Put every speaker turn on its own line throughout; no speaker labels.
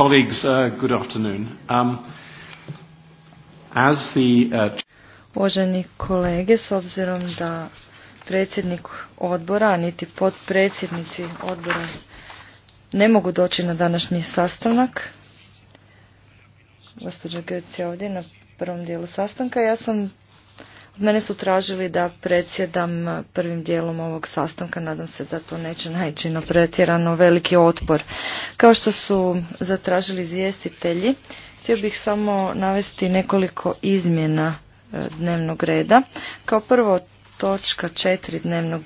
Colleagues, uh, um, uh,
Uvaženi kolege, s obzirom da predsjednik odbora, niti podpredsjednici odbora ne mogu doći na današnji sastanak, gospođa Götz je ovdje na prvom dijelu sastanka, ja sam od mene su tražili da predsjedam prvim dijelom ovog sastanka, nadam se da to neće naići na pretjerano veliki otpor. Kao što su zatražili izvjestitelji, htio bih samo navesti nekoliko izmjena e, dnevnog reda. Kao prvo točka četiri dnevnog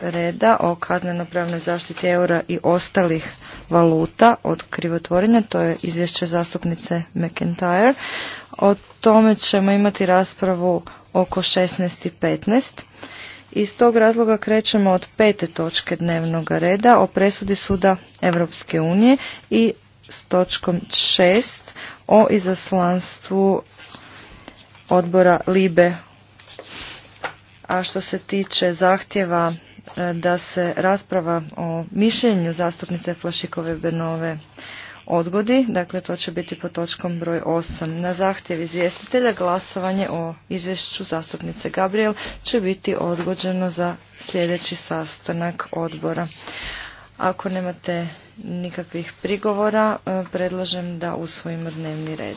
reda o kazneno-pravnoj zaštiti eura i ostalih valuta od krivotvorenja, to je izvješće zastupnice McIntyre. O tome ćemo imati raspravu oko 16.15. Iz tog razloga krećemo od pete točke dnevnog reda o presudi suda Europske unije i s točkom 6 o izaslanstvu odbora LIBE. A što se tiče zahtjeva e, da se rasprava o mišljenju zastupnice Flašikove Benove odgodi, dakle to će biti po točkom broj 8. Na zahtjev izvjestitelja glasovanje o izvješću zastupnice Gabriel će biti odgođeno za sljedeći sastanak odbora. Ako nemate nikakvih prigovora, e, predlažem da usvojimo dnevni red.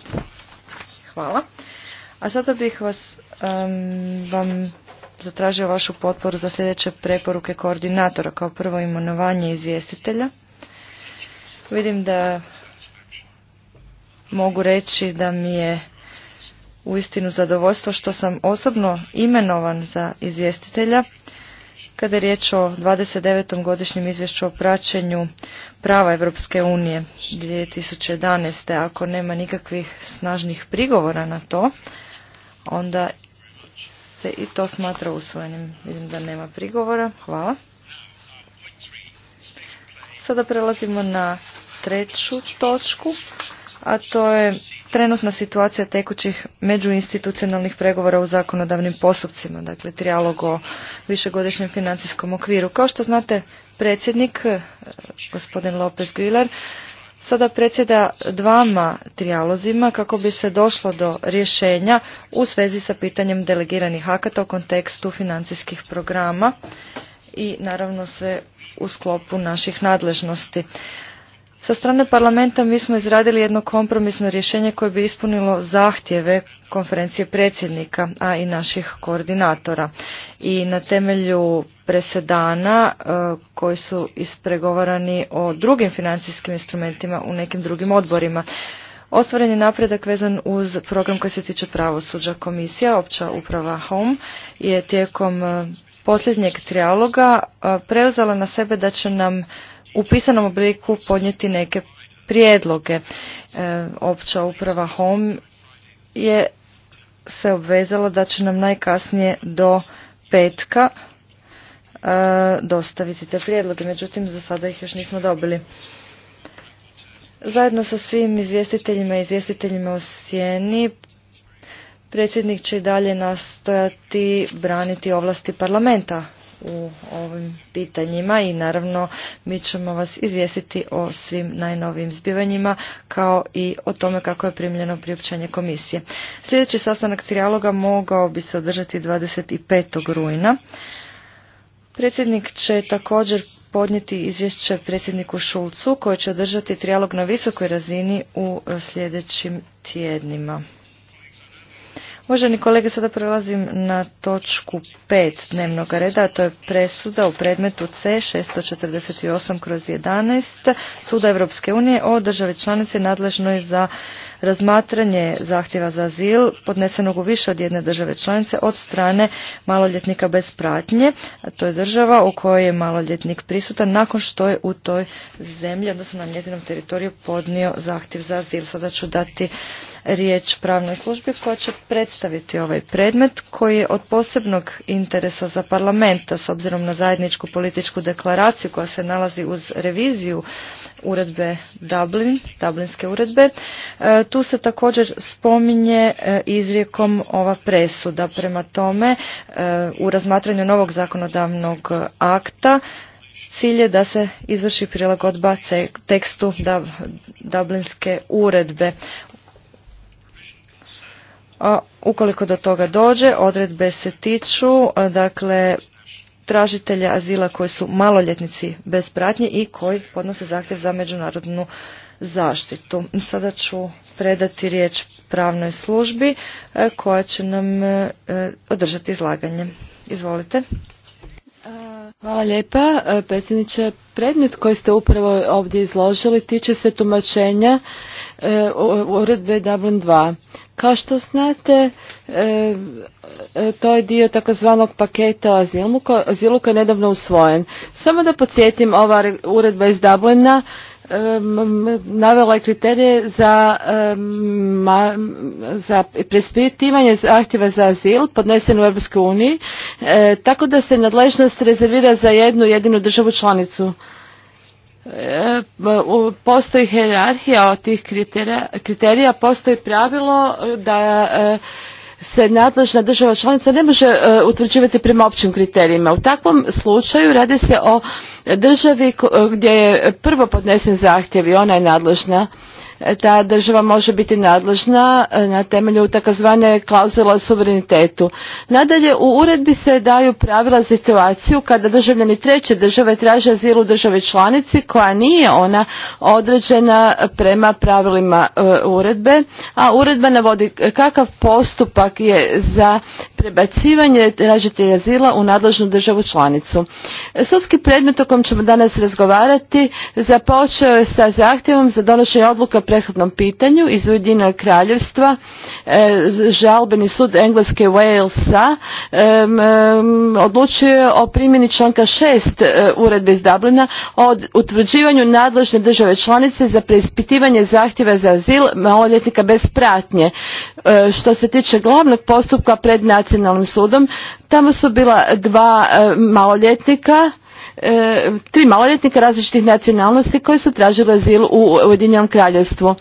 Hvala. A sada bih vas vam zatražio vašu potporu za sljedeće preporuke koordinatora kao prvo imenovanje izvjestitelja. Vidim da mogu reći da mi je uistinu zadovoljstvo što sam osobno imenovan za izvjestitelja kada je riječ o 29. godišnjem izvješću o praćenju prava Europske unije 2011. Ako nema nikakvih snažnih prigovora na to, onda se i to smatra usvojenim. Vidim da nema prigovora. Hvala. Sada prelazimo na treću točku, a to je trenutna situacija tekućih međuinstitucionalnih pregovora u zakonodavnim postupcima, dakle trijalog o višegodišnjem financijskom okviru. Kao što znate, predsjednik, eh, gospodin Lopez Guilar, sada predsjeda dvama trijalozima kako bi se došlo do rješenja u svezi sa pitanjem delegiranih akata u kontekstu financijskih programa i naravno sve u sklopu naših nadležnosti. Sa strane parlamenta mi smo izradili jedno kompromisno rješenje koje bi ispunilo zahtjeve konferencije predsjednika, a i naših koordinatora. I na temelju presedana e, koji su ispregovarani o drugim financijskim instrumentima u nekim drugim odborima. Ostvaren je napredak vezan uz program koji se tiče pravosuđa. Komisija, opća uprava HOME, je tijekom e, posljednjeg trijaloga e, preuzela na sebe da će nam u pisanom obliku podnijeti neke prijedloge. E, opća uprava HOM je se obvezala da će nam najkasnije do petka e, dostaviti te prijedloge, međutim za sada ih još nismo dobili. Zajedno sa svim izvjestiteljima i izvjestiteljima o sjeni predsjednik će i dalje nastojati braniti ovlasti parlamenta u ovim pitanjima i naravno mi ćemo vas izvijestiti o svim najnovijim zbivanjima kao i o tome kako je primljeno priopćenje komisije. Sljedeći sastanak trijaloga mogao bi se održati 25. rujna. Predsjednik će također podnijeti izvješće predsjedniku Šulcu koji će održati trijalog na visokoj razini u sljedećim tjednima. Uvaženi kolege, sada prelazim na točku 5 dnevnog reda, a to je presuda u predmetu C 648 kroz 11 Suda Evropske unije o državi članice nadležnoj za razmatranje zahtjeva za azil podnesenog u više od jedne države članice od strane maloljetnika bez pratnje. to je država u kojoj je maloljetnik prisutan nakon što je u toj zemlji, odnosno na njezinom teritoriju, podnio zahtjev za azil. Sada ću dati riječ pravnoj službi koja će predstaviti ovaj predmet koji je od posebnog interesa za parlamenta s obzirom na zajedničku političku deklaraciju koja se nalazi uz reviziju uredbe Dublin, Dublinske uredbe. E, tu se također spominje e, izrijekom ova presuda. Prema tome, e, u razmatranju novog zakonodavnog akta cilj je da se izvrši prilagodba tekstu Dublinske uredbe Ukoliko do toga dođe, odredbe se tiču dakle, tražitelja azila koji su maloljetnici bez pratnje i koji podnose zahtjev za međunarodnu zaštitu. Sada ću predati riječ pravnoj službi koja će nam održati izlaganje. Izvolite. Hvala lijepa,
predsjedniče. Predmet koji ste upravo ovdje izložili tiče se tumačenja uredbe Dublin 2. Kao što znate, e, e, to je dio takozvanog paketa o azilu koji je nedavno usvojen. Samo da podsjetim, ova uredba iz Dublina e, navela je kriterije za, za prespitivanje zahtjeva za azil podnesen u Europskoj uniji, tako da se nadležnost rezervira za jednu jedinu državu članicu. E, postoji hierarhija od tih kriterija, kriterija postoji pravilo da e, se nadležna država članica ne može e, utvrđivati prema općim kriterijima. U takvom slučaju radi se o državi gdje je prvo podnesen zahtjev i ona je nadležna ta država može biti nadležna e, na temelju takozvane klauzule o suverenitetu. Nadalje, u uredbi se daju pravila za situaciju kada državljani treće države traže azil u državi članici koja nije ona određena prema pravilima e, uredbe, a uredba navodi kakav postupak je za prebacivanje tražitelja azila u nadležnu državu članicu. Sudski predmet o kojem ćemo danas razgovarati započeo je sa zahtjevom za donošenje odluka prethodnom pitanju iz Ujedinjenog kraljevstva e, žalbeni sud Engleske Walesa odlučio o primjeni članka 6 e, uredbe iz Dublina o utvrđivanju nadležne države članice za preispitivanje zahtjeva za azil maloljetnika bez pratnje. E, što se tiče glavnog postupka pred nacionalnim sudom, tamo su bila dva maloljetnika E, tri maloljetnika različitih nacionalnosti koji su tražili azil u Ujedinjenom kraljevstvu.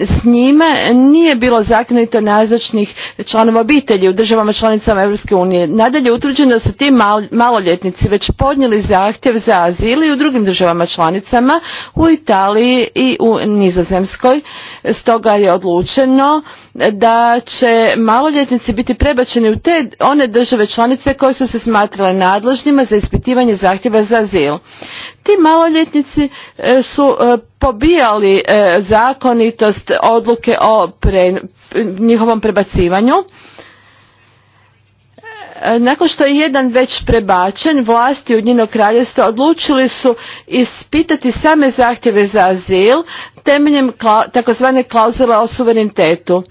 S njime nije bilo zakonito nazočnih članova obitelji u državama članicama Europske unije. Nadalje utvrđeno da su ti maloljetnici već podnijeli zahtjev za azil i u drugim državama članicama u Italiji i u Nizozemskoj. Stoga je odlučeno da će maloljetnici biti prebačeni u te one države članice koje su se smatrale nadležnima za ispitivanje zahtjeva za azil. Ti maloljetnici e, su e, pobijali e, zakonitost odluke o njihovom prebacivanju nakon što je jedan već prebačen, vlasti Ujedinjenog kraljevstva odlučili su ispitati same zahtjeve za azil temeljem takozvane klauzule o suverenitetu.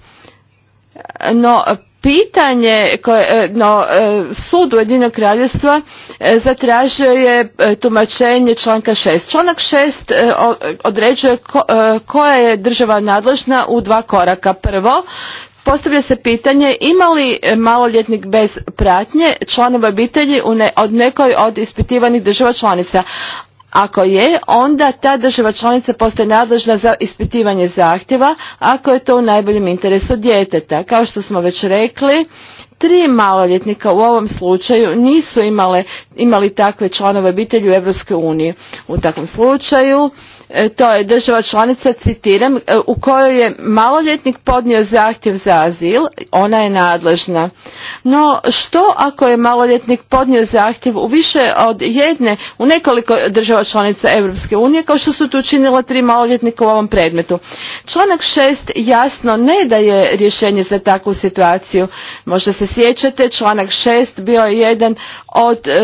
No, pitanje koje, e, no, e, sud Ujedinog Kraljevstva e, zatražio je tumačenje članka 6. Članak 6 određuje koja je država nadležna u dva koraka. Prvo, Postavlja se pitanje ima li maloljetnik bez pratnje članova obitelji od nekoj od ispitivanih država članica. Ako je, onda ta država članica postaje nadležna za ispitivanje zahtjeva, ako je to u najboljem interesu djeteta. Kao što smo već rekli, tri maloljetnika u ovom slučaju nisu imale, imali takve članove obitelji u EU. U takvom slučaju E, to je država članica, citiram, e, u kojoj je maloljetnik podnio zahtjev za azil, ona je nadležna. No što ako je maloljetnik podnio zahtjev u više od jedne, u nekoliko država članica Europske unije, kao što su tu učinila tri maloljetnika u ovom predmetu? Članak 6 jasno ne daje rješenje za takvu situaciju. Možda se sjećate, članak 6 bio je jedan od e,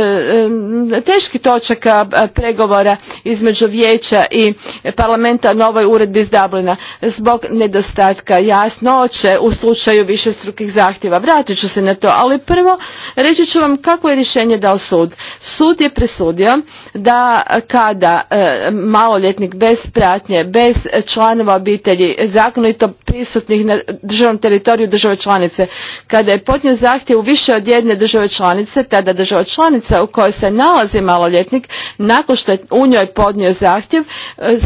teških točaka pregovora između vijeća i parlamenta novoj uredbi iz Dublina zbog nedostatka jasnoće u slučaju višestrukih zahtjeva. Vratit ću se na to, ali prvo reći ću vam kako je rješenje dao sud. Sud je presudio da kada e, maloljetnik bez pratnje, bez članova obitelji, zakonito prisutnih na državnom teritoriju države članice, kada je podnio zahtjev u više od jedne države članice, tada država članica u kojoj se nalazi maloljetnik, nakon što je u njoj podnio zahtjev,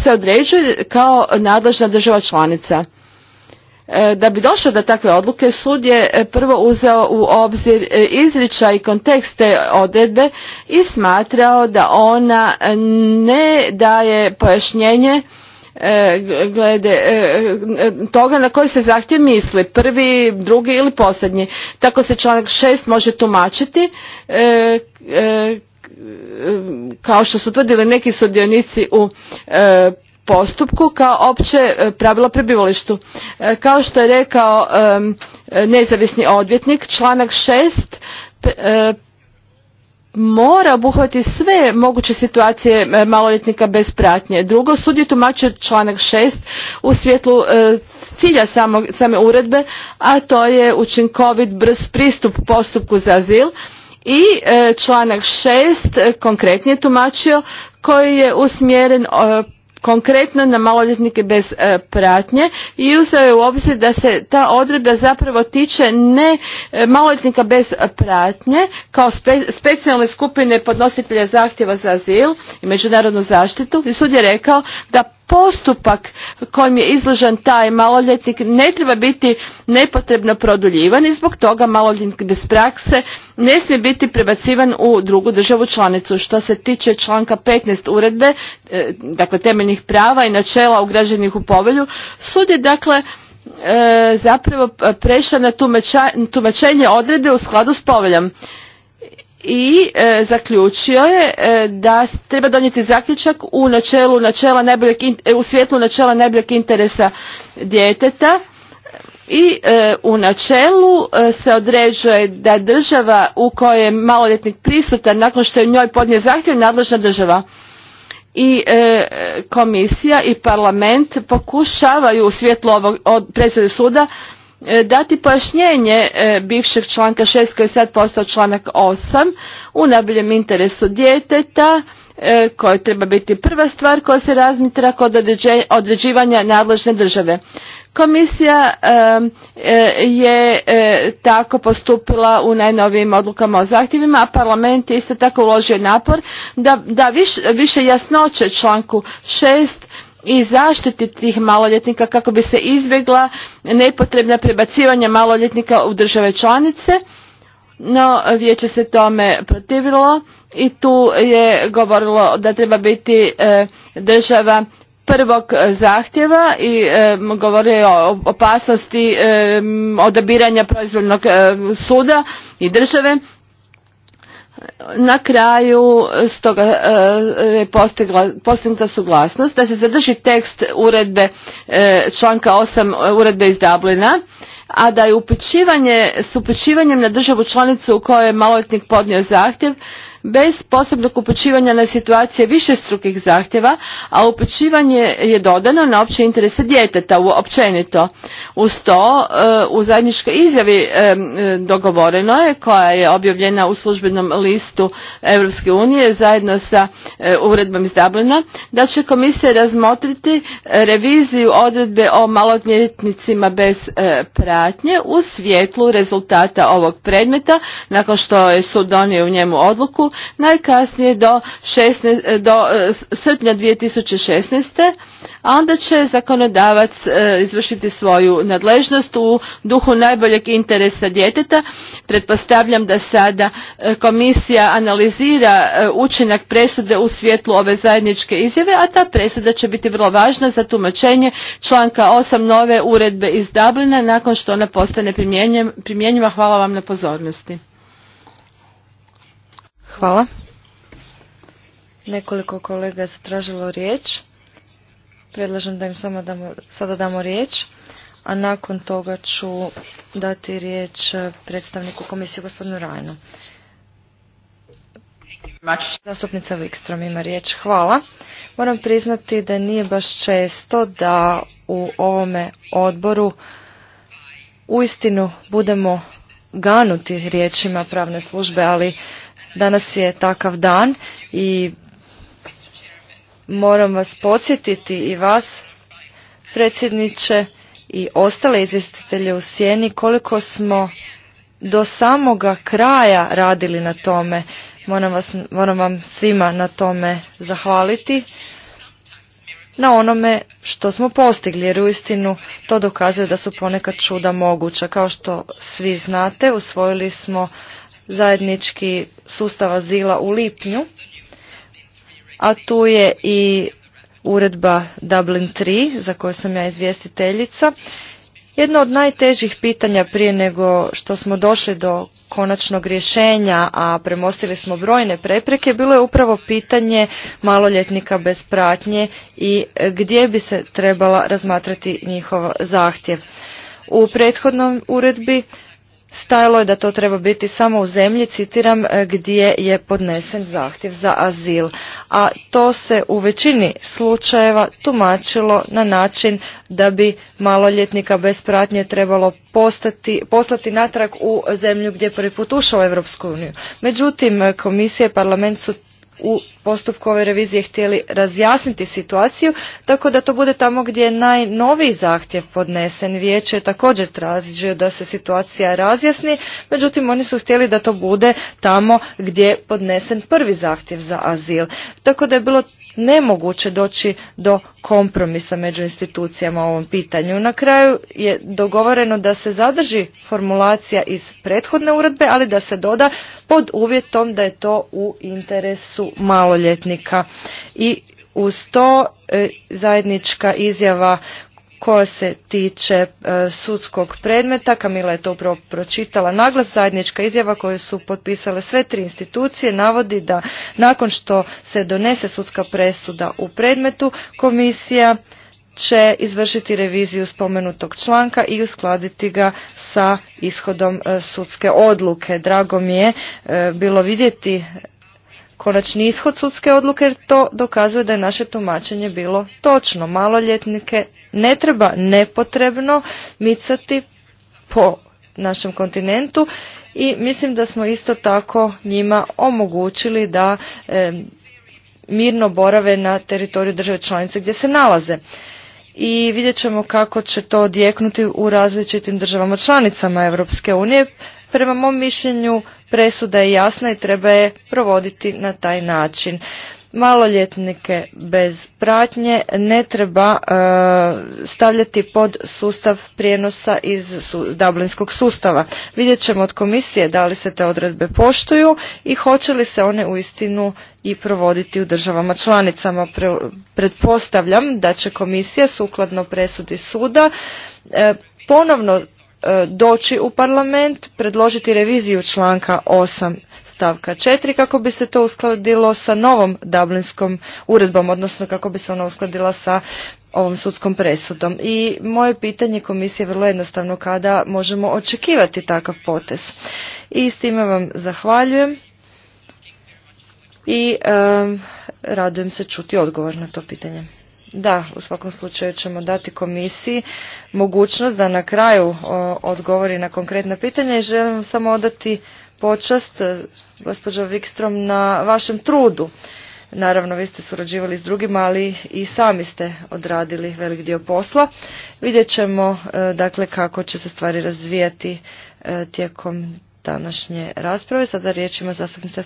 se određuje kao nadležna država članica. E, da bi došlo do takve odluke, sud je e, prvo uzeo u obzir e, izričaj i kontekst te odredbe i smatrao da ona ne daje pojašnjenje glede toga na koji se zahtjev misli, prvi, drugi ili posljednji. Tako se članak 6 može tumačiti kao što su tvrdili neki sudionici u e, postupku kao opće e, pravilo prebivalištu. E, kao što je rekao nezavisni odvjetnik, članak 6 mora obuhvati sve moguće situacije maloljetnika bez pratnje. Drugo, sud je tumačio članak 6 u svjetlu cilja same uredbe, a to je učinkovit brz pristup postupku za azil i e, članak 6 e, konkretnije tumačio koji je usmjeren e, konkretno na maloljetnike bez pratnje i uzeo je u obzir da se ta odredba zapravo tiče ne maloljetnika bez pratnje kao specijalne skupine podnositelja zahtjeva za azil i međunarodnu zaštitu i sud je rekao da postupak kojim je izložen taj maloljetnik ne treba biti nepotrebno produljivan i zbog toga maloljetnik bez prakse ne smije biti prebacivan u drugu državu članicu. Što se tiče članka 15 uredbe, e, dakle temeljnih prava i načela ugrađenih u povelju, sud je dakle e, zapravo prešao na tumačenje odredbe u skladu s poveljom i e, zaključio je e, da treba donijeti zaključak u načelu načela najboljeg e, u svjetlu načela najboljeg interesa djeteta i u načelu se određuje da država u kojoj je maloljetnik prisutan nakon što je njoj podnio zahtjev nadležna država i komisija i parlament pokušavaju u svjetlu ovog od presude suda E, dati pojašnjenje e, bivšeg članka 6 koji je sad postao članak 8 u najboljem interesu djeteta e, koje treba biti prva stvar koja se razmitra kod određivanja nadležne države. Komisija je tako postupila u najnovijim odlukama o zahtjevima, a parlament je isto tako uložio napor da, više, jasnoće članku 6 i zaštiti tih maloljetnika kako bi se izbjegla nepotrebna prebacivanja maloljetnika u države članice no vijeće se tome protivilo i tu je govorilo da treba biti e, država prvog zahtjeva i e, o opasnosti e, odabiranja proizvoljnog e, suda i države na kraju e, stoga e, je postignuta suglasnost da se zadrži tekst uredbe e, članka 8 uredbe iz Dublina, a da je upućivanje s upućivanjem na državu članicu u kojoj je maloljetnik podnio zahtjev bez posebnog upućivanja na situacije višestrukih zahtjeva, a upućivanje je dodano na opće interese djeteta općenito. Uz to e, u zajedničkoj izjavi e, e, dogovoreno je koja je objavljena u službenom listu Europske unije zajedno sa uredbom iz Dublina da će komisija razmotriti reviziju odredbe o maloljetnicima bez pratnje u svjetlu rezultata ovog predmeta nakon što je sud donio u njemu odluku najkasnije do, 16, do e, srpnja 2016. A onda će zakonodavac e, izvršiti svoju nadležnost u duhu najboljeg interesa djeteta. Pretpostavljam da sada e, komisija analizira učinak presude u svjetlu ove zajedničke izjave, a ta presuda će biti vrlo važna za tumačenje članka 8 nove uredbe iz Dublina nakon što ona postane primjenjiva. Hvala vam na pozornosti.
Hvala.
Nekoliko kolega je zatražilo riječ. Predlažem da im samo damo, sada damo riječ, a nakon toga ću dati riječ predstavniku komisije gospodinu Rajnu. Zastupnica Wikstrom ima riječ. Hvala. Moram priznati da nije baš često da u ovome odboru uistinu budemo ganuti riječima pravne službe, ali Danas je takav dan i moram vas podsjetiti i vas, predsjedniče, i ostale izvjestitelje u Sjeni koliko smo do samoga kraja radili na tome. Moram, vas, moram vam svima na tome zahvaliti na onome što smo postigli, jer uistinu to dokazuje da su ponekad čuda moguća. Kao što svi znate, usvojili smo zajednički sustav azila u lipnju, a tu je i uredba Dublin 3 za koju sam ja izvjestiteljica. Jedno od najtežih pitanja prije nego što smo došli do konačnog rješenja, a premostili smo brojne prepreke, bilo je upravo pitanje maloljetnika bez pratnje i gdje bi se trebala razmatrati njihov zahtjev. U prethodnom uredbi stajalo je da to treba biti samo u zemlji, citiram, e, gdje je podnesen zahtjev za azil. A to se u većini slučajeva tumačilo na način da bi maloljetnika bez pratnje trebalo poslati natrag u zemlju gdje je prvi put ušao u Europsku uniju. Međutim, e, komisije i parlament su u postupku ove revizije htjeli razjasniti situaciju, tako da to bude tamo gdje je najnoviji zahtjev podnesen. Vijeće je također tražio da se situacija razjasni, međutim oni su htjeli da to bude tamo gdje je podnesen prvi zahtjev za azil. Tako da je bilo nemoguće doći do kompromisa među institucijama u ovom pitanju. Na kraju je dogovoreno da se zadrži formulacija iz prethodne uredbe, ali da se doda pod uvjetom da je to u interesu maloljetnika. I uz to e, zajednička izjava koja se tiče e, sudskog predmeta, Kamila je to upravo pročitala naglas, zajednička izjava koju su potpisale sve tri institucije navodi da nakon što se donese sudska presuda u predmetu, komisija će izvršiti reviziju spomenutog članka i uskladiti ga sa ishodom e, sudske odluke. Drago mi je e, bilo vidjeti konačni ishod sudske odluke jer to dokazuje da je naše tumačenje bilo točno. Maloljetnike ne treba nepotrebno micati po našem kontinentu i mislim da smo isto tako njima omogućili da e, mirno borave na teritoriju države članice gdje se nalaze i vidjet ćemo kako će to odjeknuti u različitim državama članicama Europske unije. Prema mom mišljenju presuda je jasna i treba je provoditi na taj način maloljetnike bez pratnje ne treba e, stavljati pod sustav prijenosa iz Dublinskog sustava. Vidjet ćemo od komisije da li se te odredbe poštuju i hoće li se one uistinu i provoditi u državama članicama. pretpostavljam da će komisija sukladno presudi suda e, ponovno e, doći u parlament, predložiti reviziju članka 8 stavka 4 kako bi se to uskladilo sa novom Dublinskom uredbom, odnosno kako bi se ona uskladila sa ovom sudskom presudom. I moje pitanje komisije je vrlo jednostavno kada možemo očekivati takav potez. I s time vam zahvaljujem i radujem se čuti odgovor na to pitanje. Da, u svakom slučaju ćemo dati komisiji mogućnost da na kraju odgovori na konkretna pitanja i želim samo odati počast, eh, gospođo Vikstrom, na vašem trudu. Naravno, vi ste surađivali s drugima, ali i sami ste odradili velik dio posla. Vidjet ćemo eh, dakle, kako će se stvari razvijati eh, tijekom današnje rasprave. Sada riječ ima zastupnica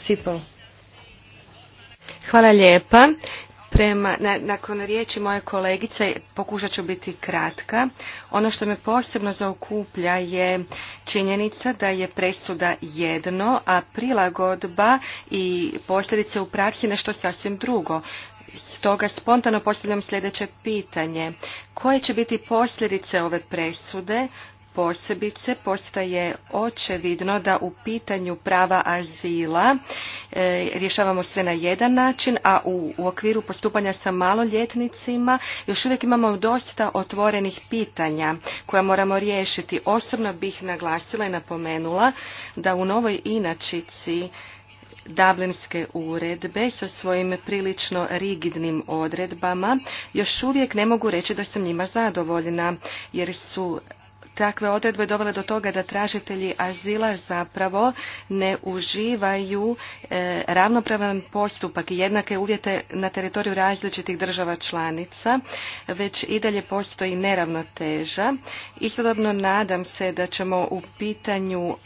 Hvala lijepa
nakon riječi moje kolegice pokušat ću biti kratka. Ono što me posebno zaokuplja je činjenica da je presuda jedno, a prilagodba i posljedice u praksi nešto sasvim drugo. Stoga spontano postavljam sljedeće pitanje. Koje će biti posljedice ove presude posebice postaje očevidno da u pitanju prava azila e, rješavamo sve na jedan način, a u, u okviru postupanja sa maloljetnicima još uvijek imamo dosta otvorenih pitanja koja moramo riješiti. Osobno bih naglasila i napomenula da u novoj inačici Dublinske uredbe sa svojim prilično rigidnim odredbama još uvijek ne mogu reći da sam njima zadovoljna jer su takve odredbe dovele do toga da tražitelji azila zapravo ne uživaju e, ravnopravan postupak i jednake uvjete na teritoriju različitih država članica, već i dalje postoji neravnoteža. Istodobno nadam se da ćemo u pitanju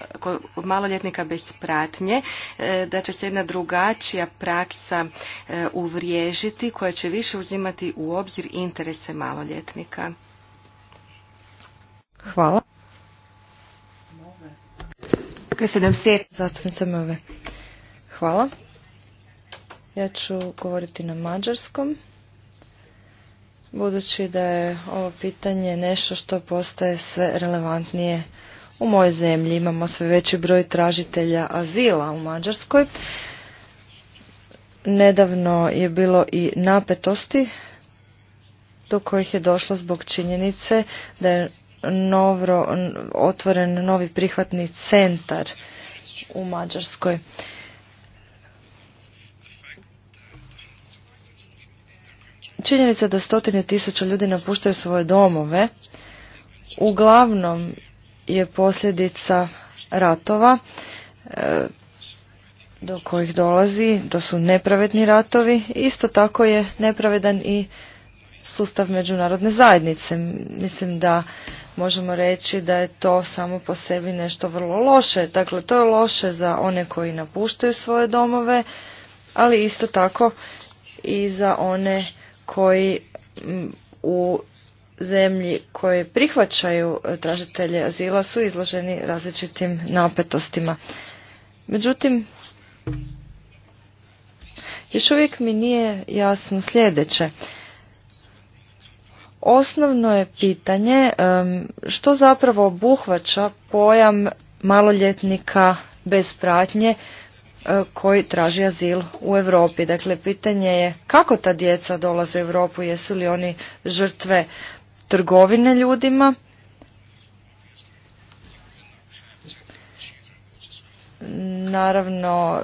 maloljetnika bez pratnje, e, da će se jedna drugačija praksa e, uvriježiti koja će više uzimati u obzir interese maloljetnika.
Hvala. zastupnice Move. Hvala. Ja ću govoriti na mađarskom. Budući da je ovo pitanje nešto što postaje sve relevantnije u mojoj zemlji. Imamo sve veći broj tražitelja azila u Mađarskoj. Nedavno je bilo i napetosti do kojih je došlo zbog činjenice da je novro, otvoren novi prihvatni centar u Mađarskoj. Činjenica da stotine tisuća ljudi napuštaju svoje domove uglavnom je posljedica ratova e, do kojih dolazi, to su nepravedni ratovi. Isto tako je nepravedan i sustav međunarodne zajednice. Mislim da možemo reći da je to samo po sebi nešto vrlo loše. Dakle, to je loše za one koji napuštaju svoje domove, ali isto tako i za one koji u zemlji koje prihvaćaju e, tražitelje azila su izloženi različitim napetostima. Međutim, još uvijek mi nije jasno sljedeće. Osnovno je pitanje što zapravo obuhvaća pojam maloljetnika bez pratnje e, koji traži azil u Europi. Dakle, pitanje je kako ta djeca dolaze u Europu, jesu li oni žrtve trgovine ljudima? Naravno,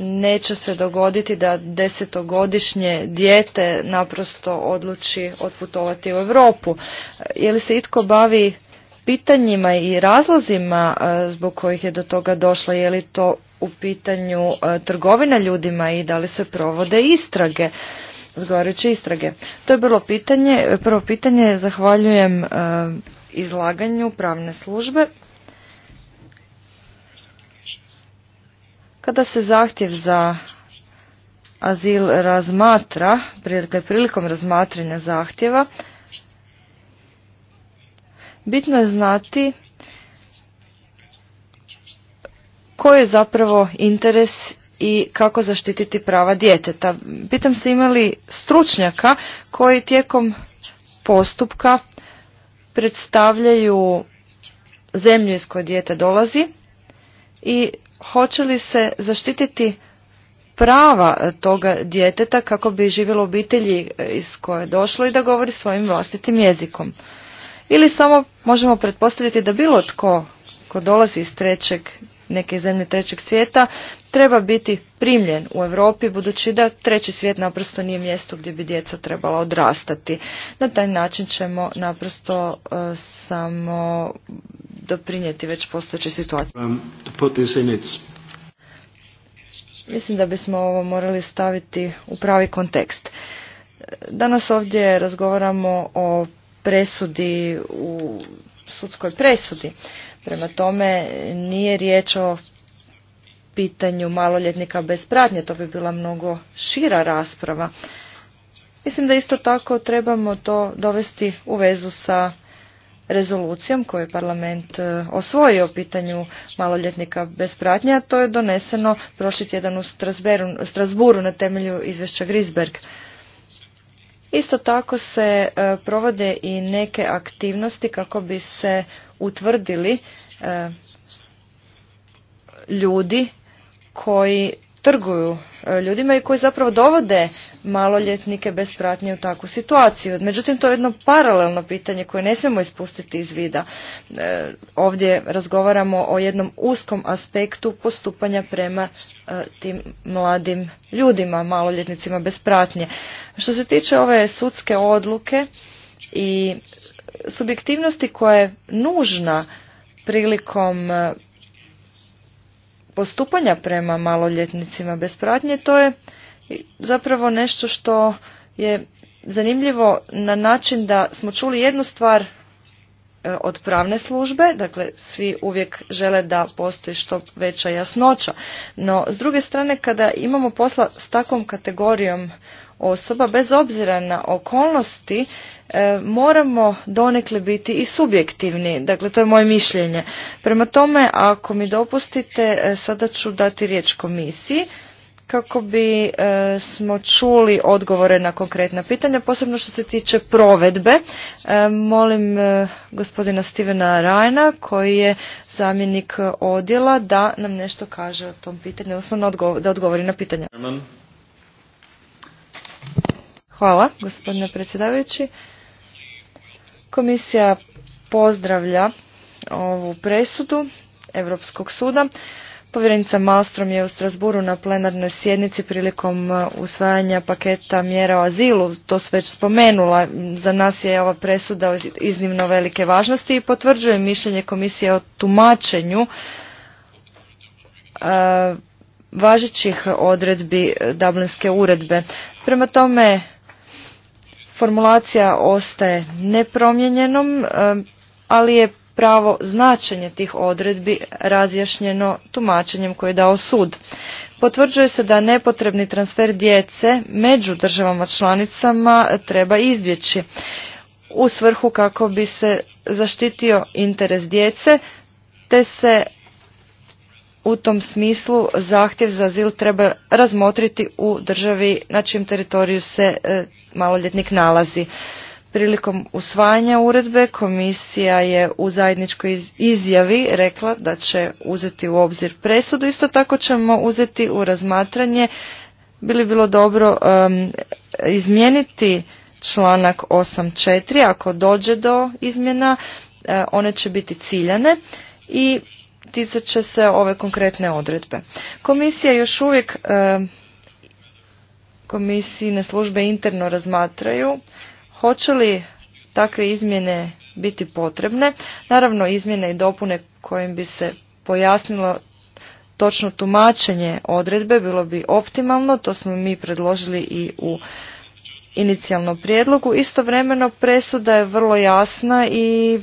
neće se dogoditi da desetogodišnje dijete naprosto odluči otputovati u Europu. Je li se itko bavi pitanjima i razlozima e, zbog kojih je do toga došla? Je li to u pitanju e, trgovina ljudima i da li se provode istrage? Zgoreće istrage. To je bilo pitanje. Prvo pitanje, zahvaljujem e, izlaganju pravne službe. Kada se zahtjev za azil razmatra, dakle, prilikom razmatranja zahtjeva, bitno je znati koji je zapravo interes i kako zaštititi prava djeteta. Pitam se imali stručnjaka koji tijekom postupka predstavljaju zemlju iz koje dijete dolazi i hoće li se zaštititi prava e, toga djeteta kako bi živjelo obitelji e, iz koje je došlo i da govori svojim vlastitim jezikom. Ili samo možemo pretpostaviti da bilo tko ko dolazi iz trećeg neke zemlje trećeg svijeta treba biti primljen u Europi budući da treći svijet naprosto nije mjesto gdje bi djeca trebala odrastati. Na taj način ćemo naprosto e, samo doprinijeti već postojeće situacije. Um, Mislim da bismo ovo morali staviti u pravi kontekst. Danas ovdje razgovaramo o presudi u sudskoj presudi. Prema tome nije riječ o pitanju maloljetnika bez pratnje, to bi bila mnogo šira rasprava. Mislim da isto tako trebamo to dovesti u vezu sa rezolucijom koju je parlament e, osvojio o pitanju maloljetnika bez pratnje, a to je doneseno prošli tjedan u Strasburu na temelju izvješća Grisberg. Isto tako se e, provode i neke aktivnosti kako bi se utvrdili e, ljudi koji trguju e, ljudima i koji zapravo dovode maloljetnike bez pratnje u takvu situaciju. Međutim, to je jedno paralelno pitanje koje ne smijemo ispustiti iz vida. E, ovdje razgovaramo o jednom uskom aspektu postupanja prema tim mladim ljudima, maloljetnicima bez pratnje. Što se tiče ove sudske odluke, i subjektivnosti koja je nužna prilikom e, postupanja prema maloljetnicima bez pratnje, to je zapravo nešto što je zanimljivo na način da smo čuli jednu stvar e, od pravne službe, dakle svi uvijek žele da postoji što veća jasnoća, no s druge strane kada imamo posla s takvom kategorijom osoba bez obzira na okolnosti e, moramo donekle biti i subjektivni dakle to je moje mišljenje prema tome ako mi dopustite e, sada ću dati riječ komisiji kako bi e, smo čuli odgovore na konkretna pitanja posebno što se tiče provedbe molim gospodina Stevena Rajna koji je zamjenik odjela da nam nešto kaže o tom pitanju odnosno da odgovori na pitanja Hvala, gospodine predsjedavajući. Komisija pozdravlja ovu presudu Europskog suda. Povjerenica Malstrom je u Strasburu na plenarnoj sjednici prilikom e, usvajanja paketa mjera o azilu, to se već spomenula, za nas je ova presuda iznimno velike važnosti i potvrđuje mišljenje komisije o tumačenju e, važećih odredbi Dublinske uredbe. Prema tome, Formulacija ostaje nepromjenjenom, e, ali je pravo značenje tih odredbi razjašnjeno tumačenjem koje je dao sud. Potvrđuje se da nepotrebni transfer djece među državama članicama treba izbjeći u svrhu kako bi se zaštitio interes djece, te se u tom smislu zahtjev za azil treba razmotriti u državi na čijem teritoriju se e, maloljetnik nalazi. Prilikom usvajanja uredbe komisija je u zajedničkoj izjavi rekla da će uzeti u obzir presudu. Isto tako ćemo uzeti u razmatranje bili bilo dobro izmijeniti članak 8.4. Ako dođe do izmjena, e, one će biti ciljane i ticat će se ove konkretne odredbe. Komisija još uvijek komisijne službe interno razmatraju hoće li takve izmjene biti potrebne. Naravno, izmjene i dopune kojim bi se pojasnilo točno tumačenje odredbe bilo bi optimalno, to smo mi predložili i u inicijalnom prijedlogu. Istovremeno presuda je vrlo jasna i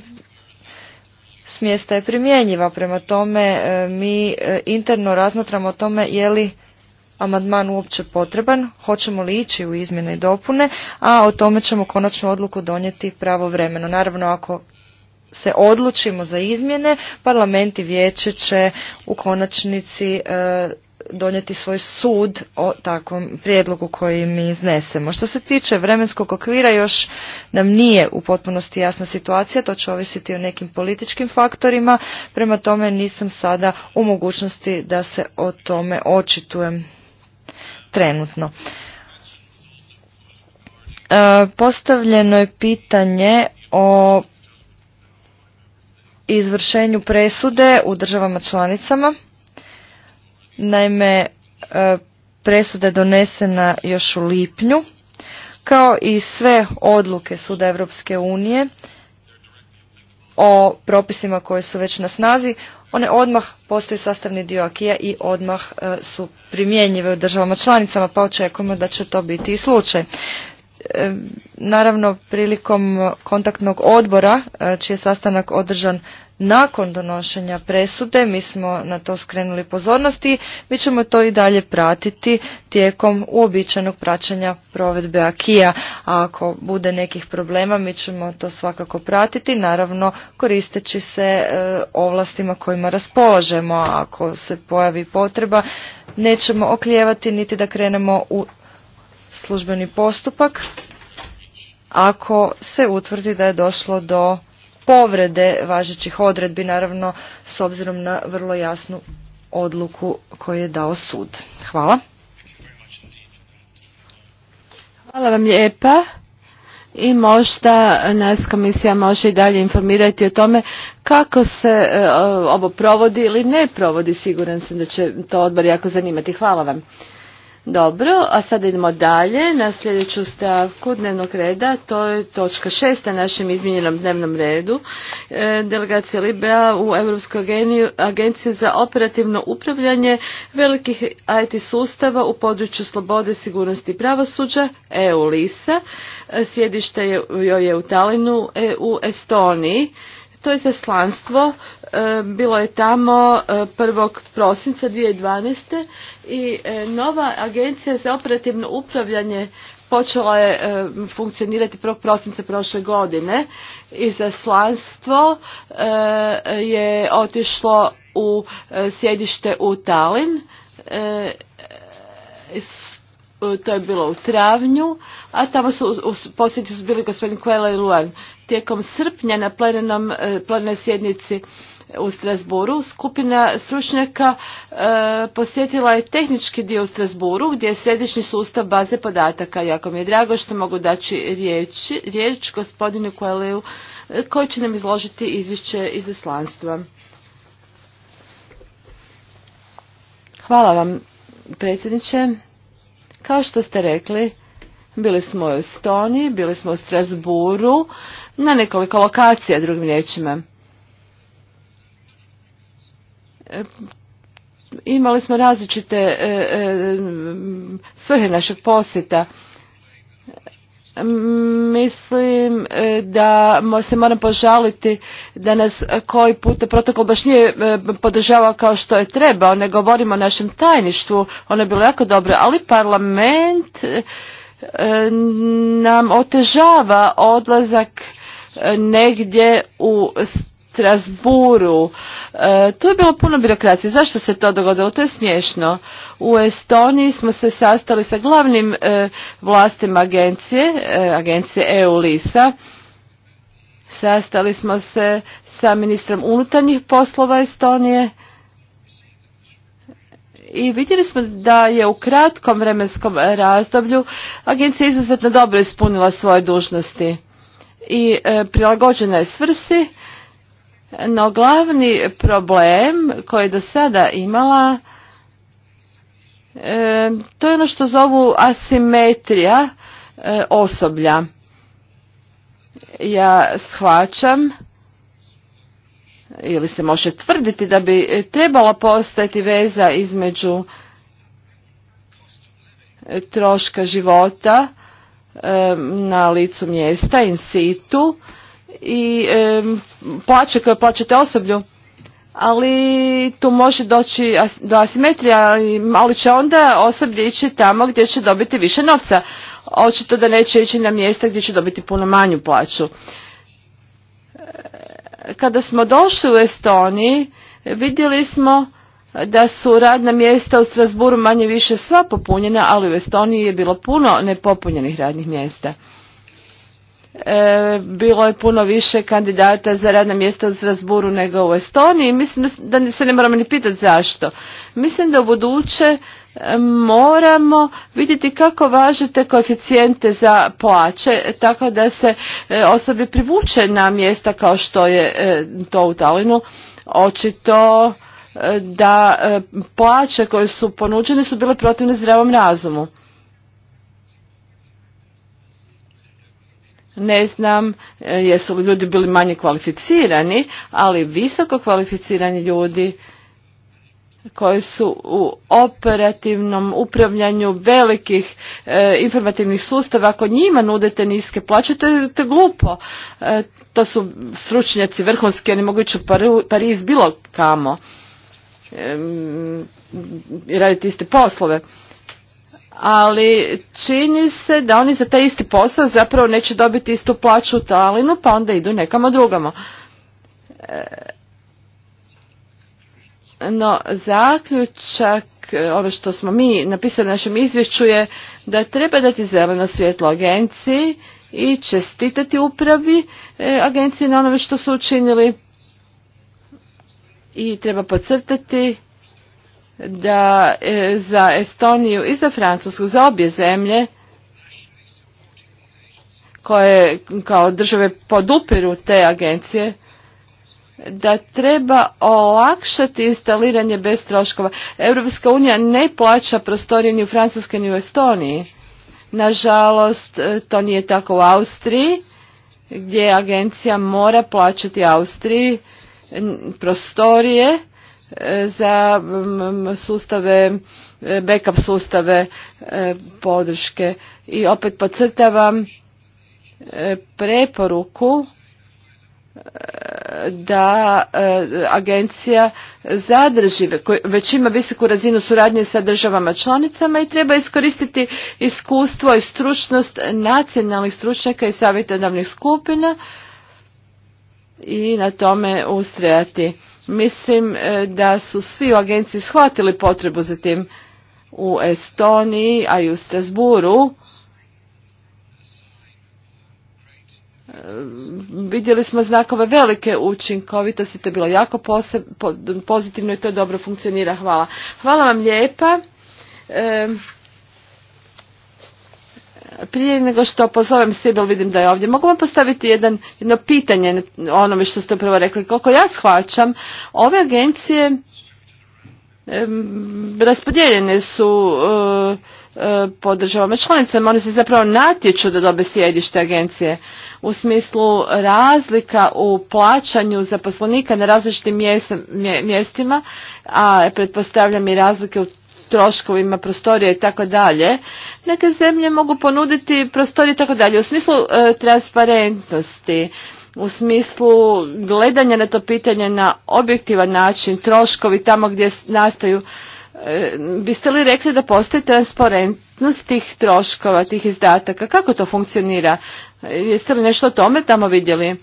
smjesta je primjenjiva. Prema tome e, mi e, interno razmatramo o tome je li amandman uopće potreban, hoćemo li ići u izmjene i dopune, a o tome ćemo konačnu odluku donijeti pravovremeno. Naravno, ako se odlučimo za izmjene, parlament i vijeće će u konačnici e, donijeti svoj sud o takvom prijedlogu koji mi iznesemo. Što se tiče vremenskog okvira, još nam nije u potpunosti jasna situacija, to će ovisiti o nekim političkim faktorima, prema tome nisam sada u mogućnosti da se o tome očitujem trenutno. E, postavljeno je pitanje o izvršenju presude u državama članicama. Naime, e, presuda je donesena još u lipnju, kao i sve odluke Suda Europske unije o propisima koje su već na snazi one odmah postaju sastavni dio akija i odmah e, su primjenjive u državama članicama, pa očekujemo da će to biti i slučaj. E, naravno, prilikom kontaktnog odbora, e, čiji je sastanak održan nakon donošenja presude. Mi smo na to skrenuli pozornost i mi ćemo to i dalje pratiti tijekom uobičajenog praćenja provedbe akija. A ako bude nekih problema mi ćemo to svakako pratiti, naravno koristeći se e, ovlastima kojima raspolažemo. A ako se pojavi potreba nećemo oklijevati niti da krenemo u službeni postupak ako se utvrdi da je došlo do povrede važećih odredbi, naravno s obzirom na vrlo jasnu odluku koju je dao sud. Hvala.
Hvala vam lijepa i možda nas komisija može i dalje informirati o tome kako se e, ovo provodi ili ne provodi. Siguran sam da će to odbor jako zanimati. Hvala vam. Dobro, a sad idemo dalje na sljedeću stavku dnevnog reda, to je točka šest na našem izmijenjenom dnevnom redu. E, delegacija Libea u Europskoj agenciju za operativno upravljanje velikih IT sustava u području slobode, sigurnosti i pravosuđa, EU-LISA. E, sjedište joj je u Talinu e u Estoniji. To je zaslanstvo, e, bilo je tamo 1. E, prosinca 2012. i e, nova agencija za operativno upravljanje počela je funkcionirati 1. prosinca prošle godine i zaslanstvo je otišlo u sjedište u Talin. To je bilo u travnju, a tamo su u posjeti su bili gospodin Kuele i Luan tijekom srpnja na plenoj e, plenarnoj sjednici u Strasburu. Skupina stručnjaka e, posjetila je tehnički dio u Strasburu gdje je središnji sustav baze podataka. Jako mi je drago što mogu daći riječ, gospodinu Koleju e, koji će nam izložiti izvješće izaslanstva. Hvala vam predsjedniče. Kao što ste rekli, bili smo u Estoniji, bili smo u Strasburu, na nekoliko lokacija drugim riječima. E, imali smo različite e, e, svrhe našeg posjeta. Mislim da se moram požaliti da nas koji puta protokol baš nije podržavao kao što je trebao. Ne govorimo o našem tajništvu, ono je bilo jako dobro, ali parlament E, nam otežava odlazak e, negdje u Strasburu. E, tu je bilo puno birokracije. Zašto se to dogodilo? To je smiješno. U Estoniji smo se sastali sa glavnim vlastem agencije, agencije EU-LISA. Sastali smo se sa ministrom unutarnjih poslova Estonije i vidjeli smo da je u kratkom vremenskom razdoblju agencija izuzetno dobro ispunila svoje dužnosti i e, prilagođena je svrsi, no glavni problem koji je do sada imala e, to je ono što zovu asimetrija e, osoblja. Ja shvaćam ili se može tvrditi da bi trebala postati veza između troška života na licu mjesta, in situ i plaće koje plaćate osoblju. Ali tu može doći do asimetrija, ali će onda osoblje ići tamo gdje će dobiti više novca. Očito da neće ići na mjesta gdje će dobiti puno manju plaću. Kada smo došli u Estoniji, vidjeli smo da su radna mjesta u Strasburu manje više sva popunjena, ali u Estoniji je bilo puno nepopunjenih radnih mjesta. E, bilo je puno više kandidata za radna mjesta u Strasburu nego u Estoniji. Mislim da se ne moramo ni pitati zašto. Mislim da u buduće moramo vidjeti kako važete koeficijente za plaće tako da se e, osobe privuče na mjesta kao što je e, to u Talinu. Očito e, da plaće koje su ponuđene su bile protivne zdravom razumu. Ne znam jesu li ljudi bili manje kvalificirani, ali visoko kvalificirani ljudi koji su u operativnom upravljanju velikih e, informativnih sustava, ako njima nudete niske plaće, to je, to glupo. E, to su stručnjaci vrhunski, oni mogu ići Pariz bilo kamo i raditi iste poslove. Ali čini se da oni za taj isti posao zapravo neće dobiti istu plaću u Talinu, pa onda idu nekamo drugamo. E, no, zaključak e, ovo što smo mi napisali u našem izvješću je da treba dati zeleno svjetlo agenciji i čestitati upravi agencije agenciji na onome što su učinili i treba podcrtati da e, za Estoniju i za Francusku, za obje zemlje koje kao države podupiru te agencije, da treba olakšati instaliranje bez troškova. Europska unija ne plaća prostorije ni u Francuskoj ni u Estoniji. Nažalost, e, to nije tako u Austriji, gdje agencija mora plaćati Austriji prostorije e, za sustave, e, backup sustave podrške. I opet podcrtavam preporuku da e, agencija zadrži, već ima visoku razinu suradnje sa državama članicama i treba iskoristiti iskustvo i stručnost nacionalnih stručnjaka i savjetodavnih skupina i na tome ustrajati. Mislim e, da su svi u agenciji shvatili potrebu za tim u Estoniji, a i u Strasburu vidjeli smo znakove velike učinkovitosti, to je bilo jako pozitivno i to dobro funkcionira. Hvala. Hvala vam lijepa. E, prije nego što pozovem Sibel, vidim da je ovdje. Mogu vam postaviti jedan, jedno pitanje onome što ste prvo rekli. Koliko ja shvaćam, ove agencije raspodijeljene su e, E, po državama članicama. Oni se zapravo natječu da dobe sjedište agencije u smislu razlika u plaćanju zaposlenika na različitim mjestima, a pretpostavljam i razlike u troškovima prostorije i tako dalje. Neke zemlje mogu ponuditi prostorije i tako dalje. U smislu e, transparentnosti, u smislu gledanja na to pitanje na objektivan način, troškovi tamo gdje nastaju Biste li rekli da postoji transparentnost tih troškova, tih izdataka? Kako to funkcionira? Jeste li nešto o tome tamo vidjeli?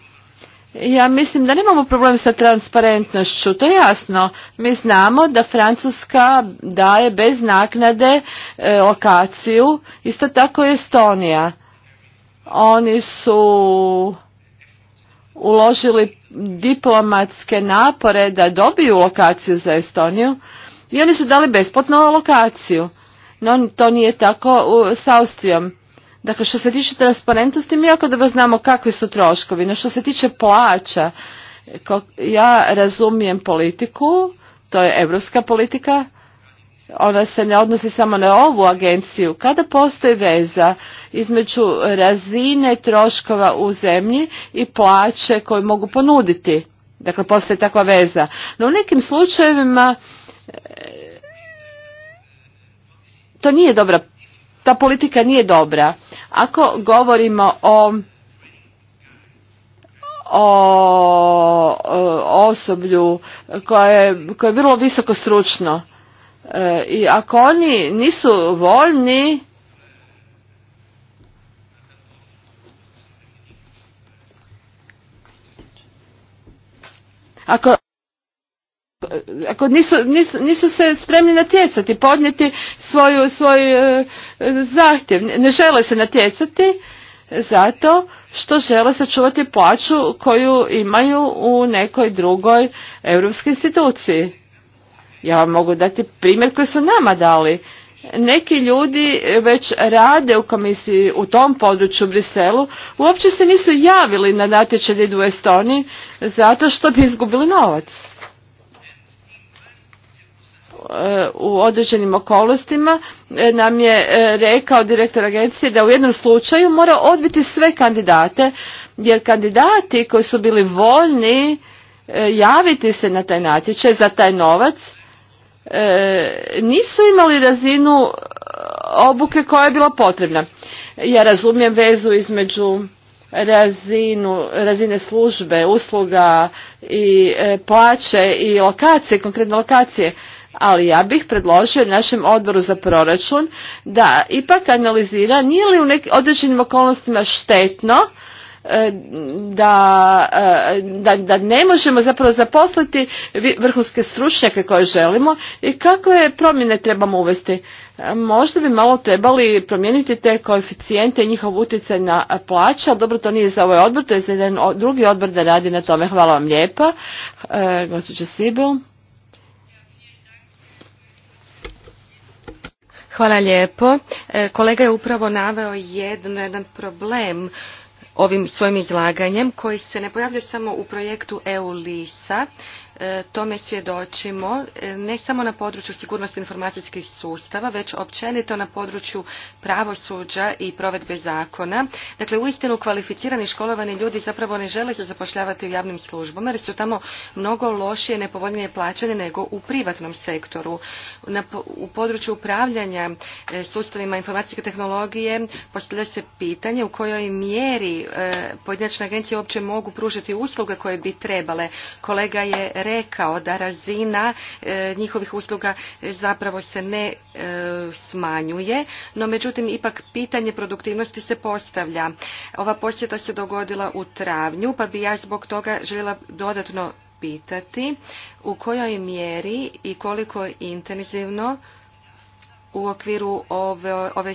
Ja mislim da nemamo problem sa transparentnošću, to je jasno. Mi znamo da Francuska daje bez naknade e, lokaciju, isto tako i Estonija. Oni su uložili diplomatske napore da dobiju lokaciju za Estoniju i oni su dali besplatnu alokaciju. No to nije tako u, s Austrijom. Dakle, što se tiče transparentnosti, mi jako dobro znamo kakvi su troškovi. No što se tiče plaća, ja razumijem politiku, to je evropska politika, ona se ne odnosi samo na ovu agenciju. Kada postoji veza između razine troškova u zemlji i plaće koje mogu ponuditi, dakle postoji takva veza. No u nekim slučajevima to nije dobra, ta politika nije dobra. Ako govorimo o o osoblju koje, koje je vrlo visoko stručno. E, I ako oni nisu voljni, ako ako nisu, nisu, se spremni natjecati, podnijeti svoju, svoj e, zahtjev. Ne žele se natjecati zato što žele sačuvati plaću koju imaju u nekoj drugoj europskoj instituciji. Ja vam mogu dati primjer koji su nama dali. Neki ljudi već rade u komisiji u tom području u Briselu, uopće se nisu javili na natječaj idu u Estoniji zato što bi izgubili novac u određenim okolnostima e, nam je e, rekao direktor agencije da u jednom slučaju mora odbiti sve kandidate jer kandidati koji su bili voljni e, javiti se na taj natječaj za taj novac nisu imali razinu obuke koja je bila potrebna. Ja razumijem vezu između razinu, razine službe, usluga i plaće i lokacije, konkretne lokacije, ali ja bih predložio našem odboru za proračun da ipak analizira nije li u nekim određenim okolnostima štetno e, da, e, da, da ne možemo zapravo zaposliti vrhunske stručnjake koje želimo i kakve promjene trebamo uvesti. E, možda bi malo trebali promijeniti te koeficijente i njihov utjecaj na plaće, ali dobro to nije za ovaj odbor, to je za jedan drugi odbor da radi na tome.
Hvala vam lijepa, e, gospođa Hvala lijepo. E, kolega je upravo naveo jedan, jedan problem ovim svojim izlaganjem koji se ne pojavljuje samo u projektu EU-LISA E, tome svjedočimo e, ne samo na području sigurnosti informacijskih sustava, već općenito na području pravosuđa i provedbe zakona. Dakle, uistinu kvalificirani školovani ljudi zapravo ne žele se zapošljavati u javnim službama jer su tamo mnogo lošije nepovoljnije plaćanje nego u privatnom sektoru. u području upravljanja e, sustavima informacijske tehnologije postavlja se pitanje u kojoj mjeri pojedinačne agencije uopće mogu pružiti usluge koje bi trebale. Kolega je rekao da razina e, njihovih usluga zapravo se ne e, smanjuje, no međutim ipak pitanje produktivnosti se postavlja. Ova posjeta se dogodila u travnju, pa bi ja zbog toga željela dodatno pitati u kojoj mjeri i koliko intenzivno u okviru ove, ove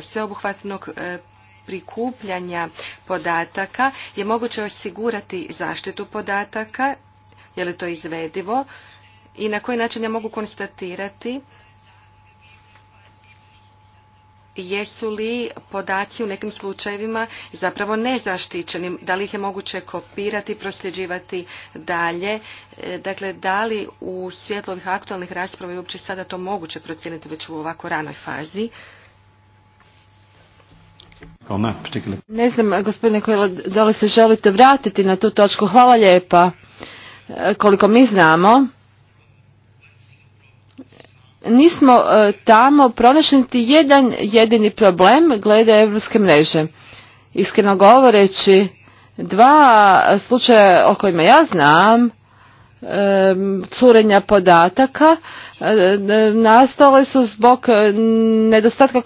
sveobuhvatnog e, prikupljanja podataka je moguće osigurati zaštitu podataka je li to izvedivo i na koji način ja mogu konstatirati jesu li podaci u nekim slučajevima zapravo nezaštićeni, da li ih je moguće kopirati, prosljeđivati dalje, e, dakle da li u svjetlu ovih aktualnih rasprava je uopće sada to moguće procijeniti već u ovako ranoj fazi? Ne
znam, gospodine Kojela, da li se želite vratiti na tu točku? Hvala lijepa koliko mi znamo, nismo e, tamo pronašli jedan jedini problem glede evropske mreže. Iskreno govoreći, dva slučaja o kojima ja znam, curenja podataka nastale su zbog nedostatka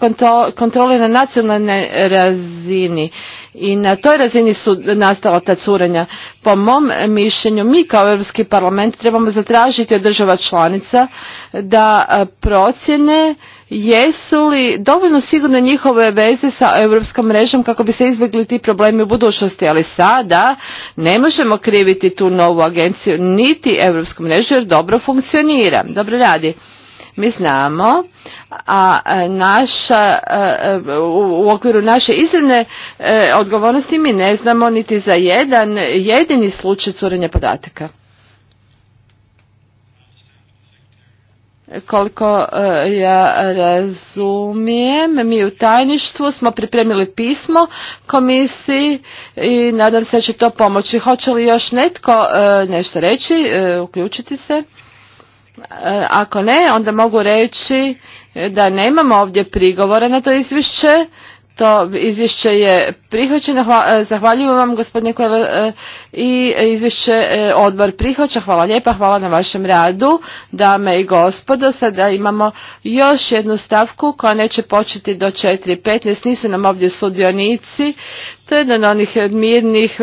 kontrole na nacionalnoj razini i na toj razini su nastala ta curenja. Po mom mišljenju mi kao Europski parlament trebamo zatražiti od država članica da procjene Jesu li dovoljno sigurne njihove veze sa europskom mrežom kako bi se izbjegli ti problemi u budućnosti, ali sada ne možemo kriviti tu novu agenciju niti europsku mrežu jer dobro funkcionira, dobro radi. Mi znamo, a e, naša, e, e, u okviru naše izravne odgovornosti mi ne znamo niti za jedan jedini slučaj curenja podataka. koliko e, ja razumijem, mi u tajništvu smo pripremili pismo komisiji i nadam se da će to pomoći. Hoće li još netko e, nešto reći, e, uključiti se? Ako ne, onda mogu reći da nemamo ovdje prigovora na to izvješće to izvješće je prihvaćeno. E, zahvaljujem vam gospodine e, i izvješće e, odbor prihvaća. Hvala lijepa, hvala na vašem radu. Dame i gospodo, sada imamo još jednu stavku koja neće početi do 4.15. Nisu nam ovdje sudionici. To je jedan onih mirnih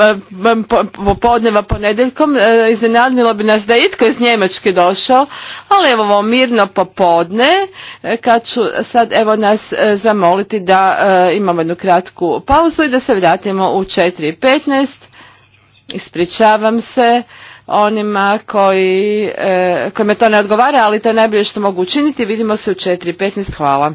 pa, pa, pa, popodneva ponedjeljkom. E, iznenadnilo bi nas da je itko iz Njemačke došao, ali evo ovo mirno popodne, e, kad ću sad evo nas e, zamoliti da imamo jednu kratku pauzu i da se vratimo u 4.15. Ispričavam se onima koji, kojima to ne odgovara, ali to je najbolje što mogu učiniti. Vidimo se u 4.15. Hvala.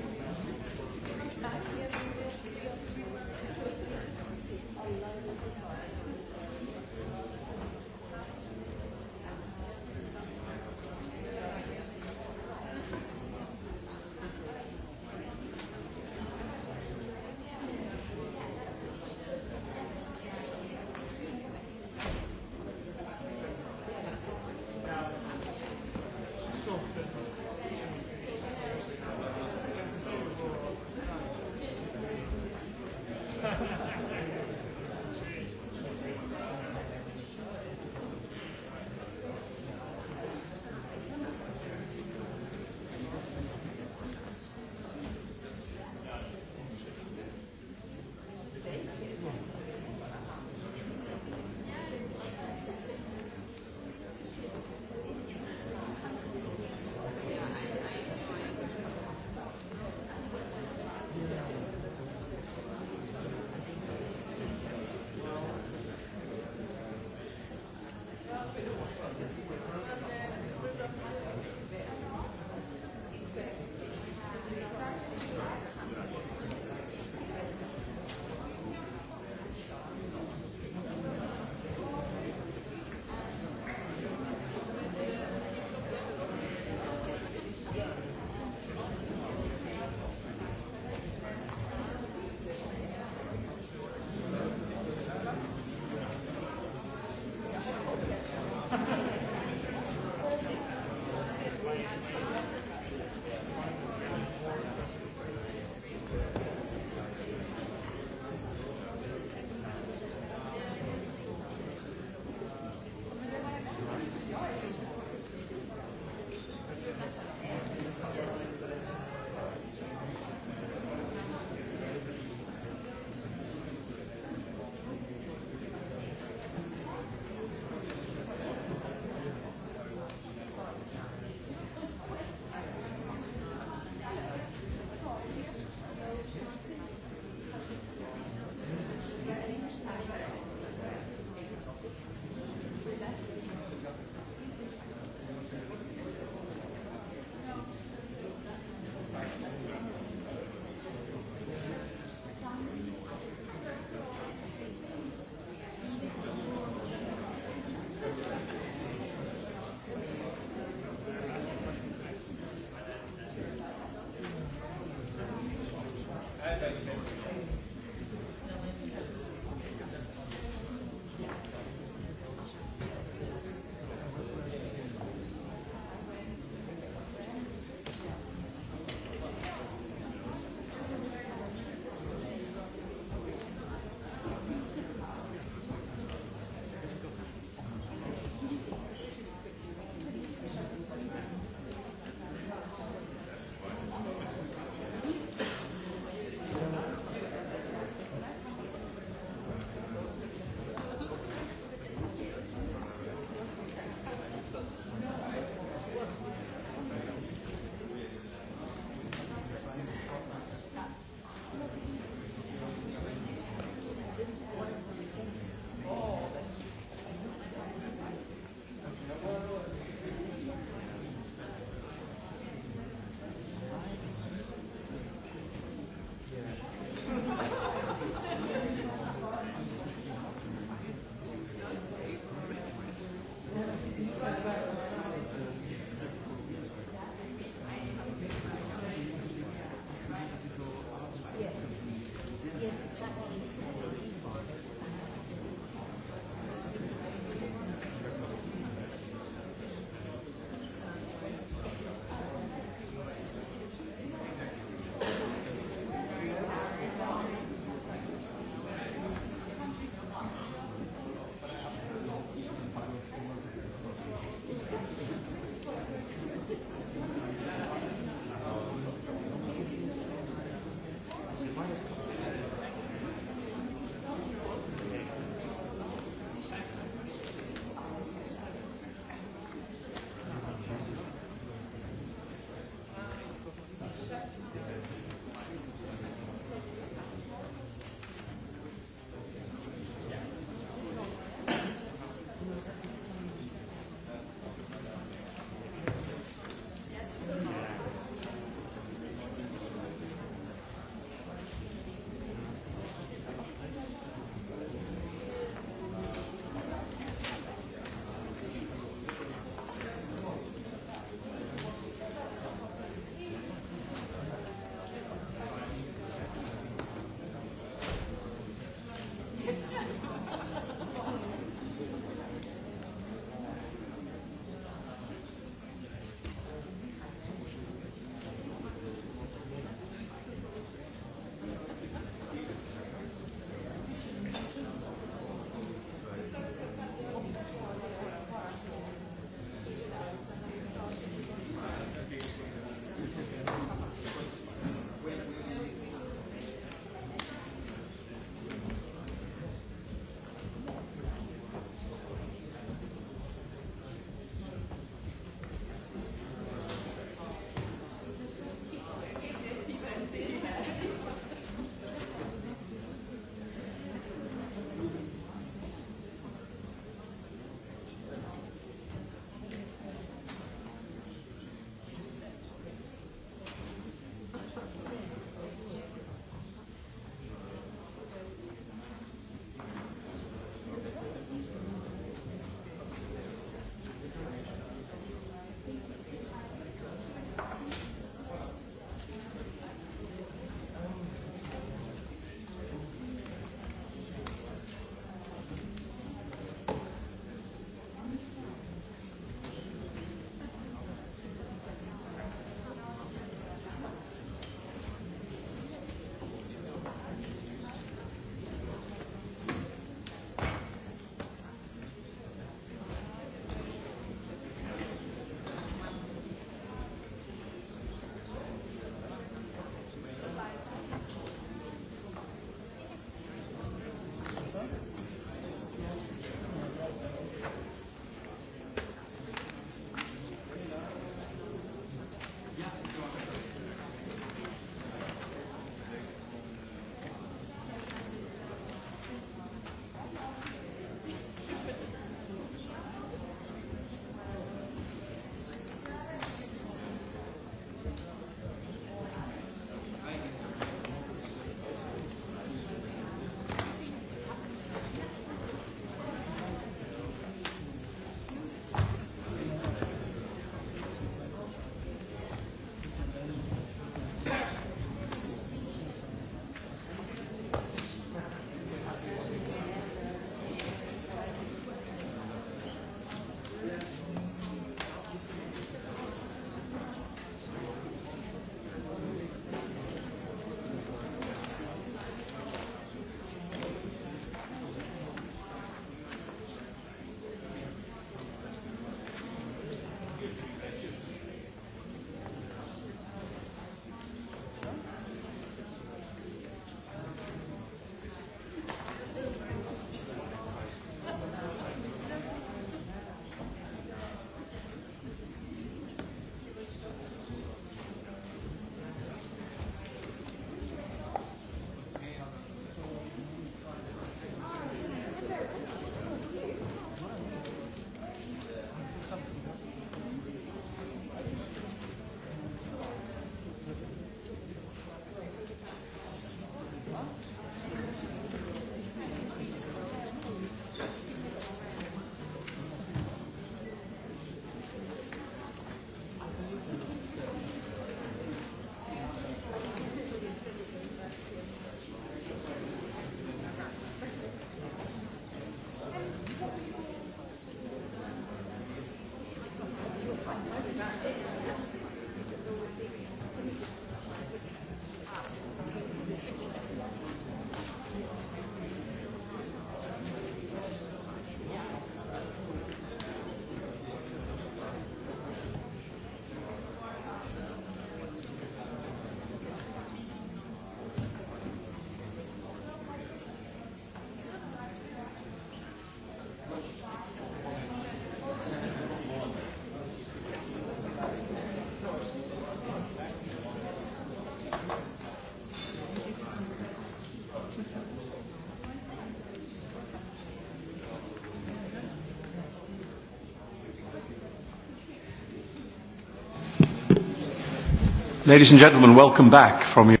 Ladies and gentlemen, welcome
back from your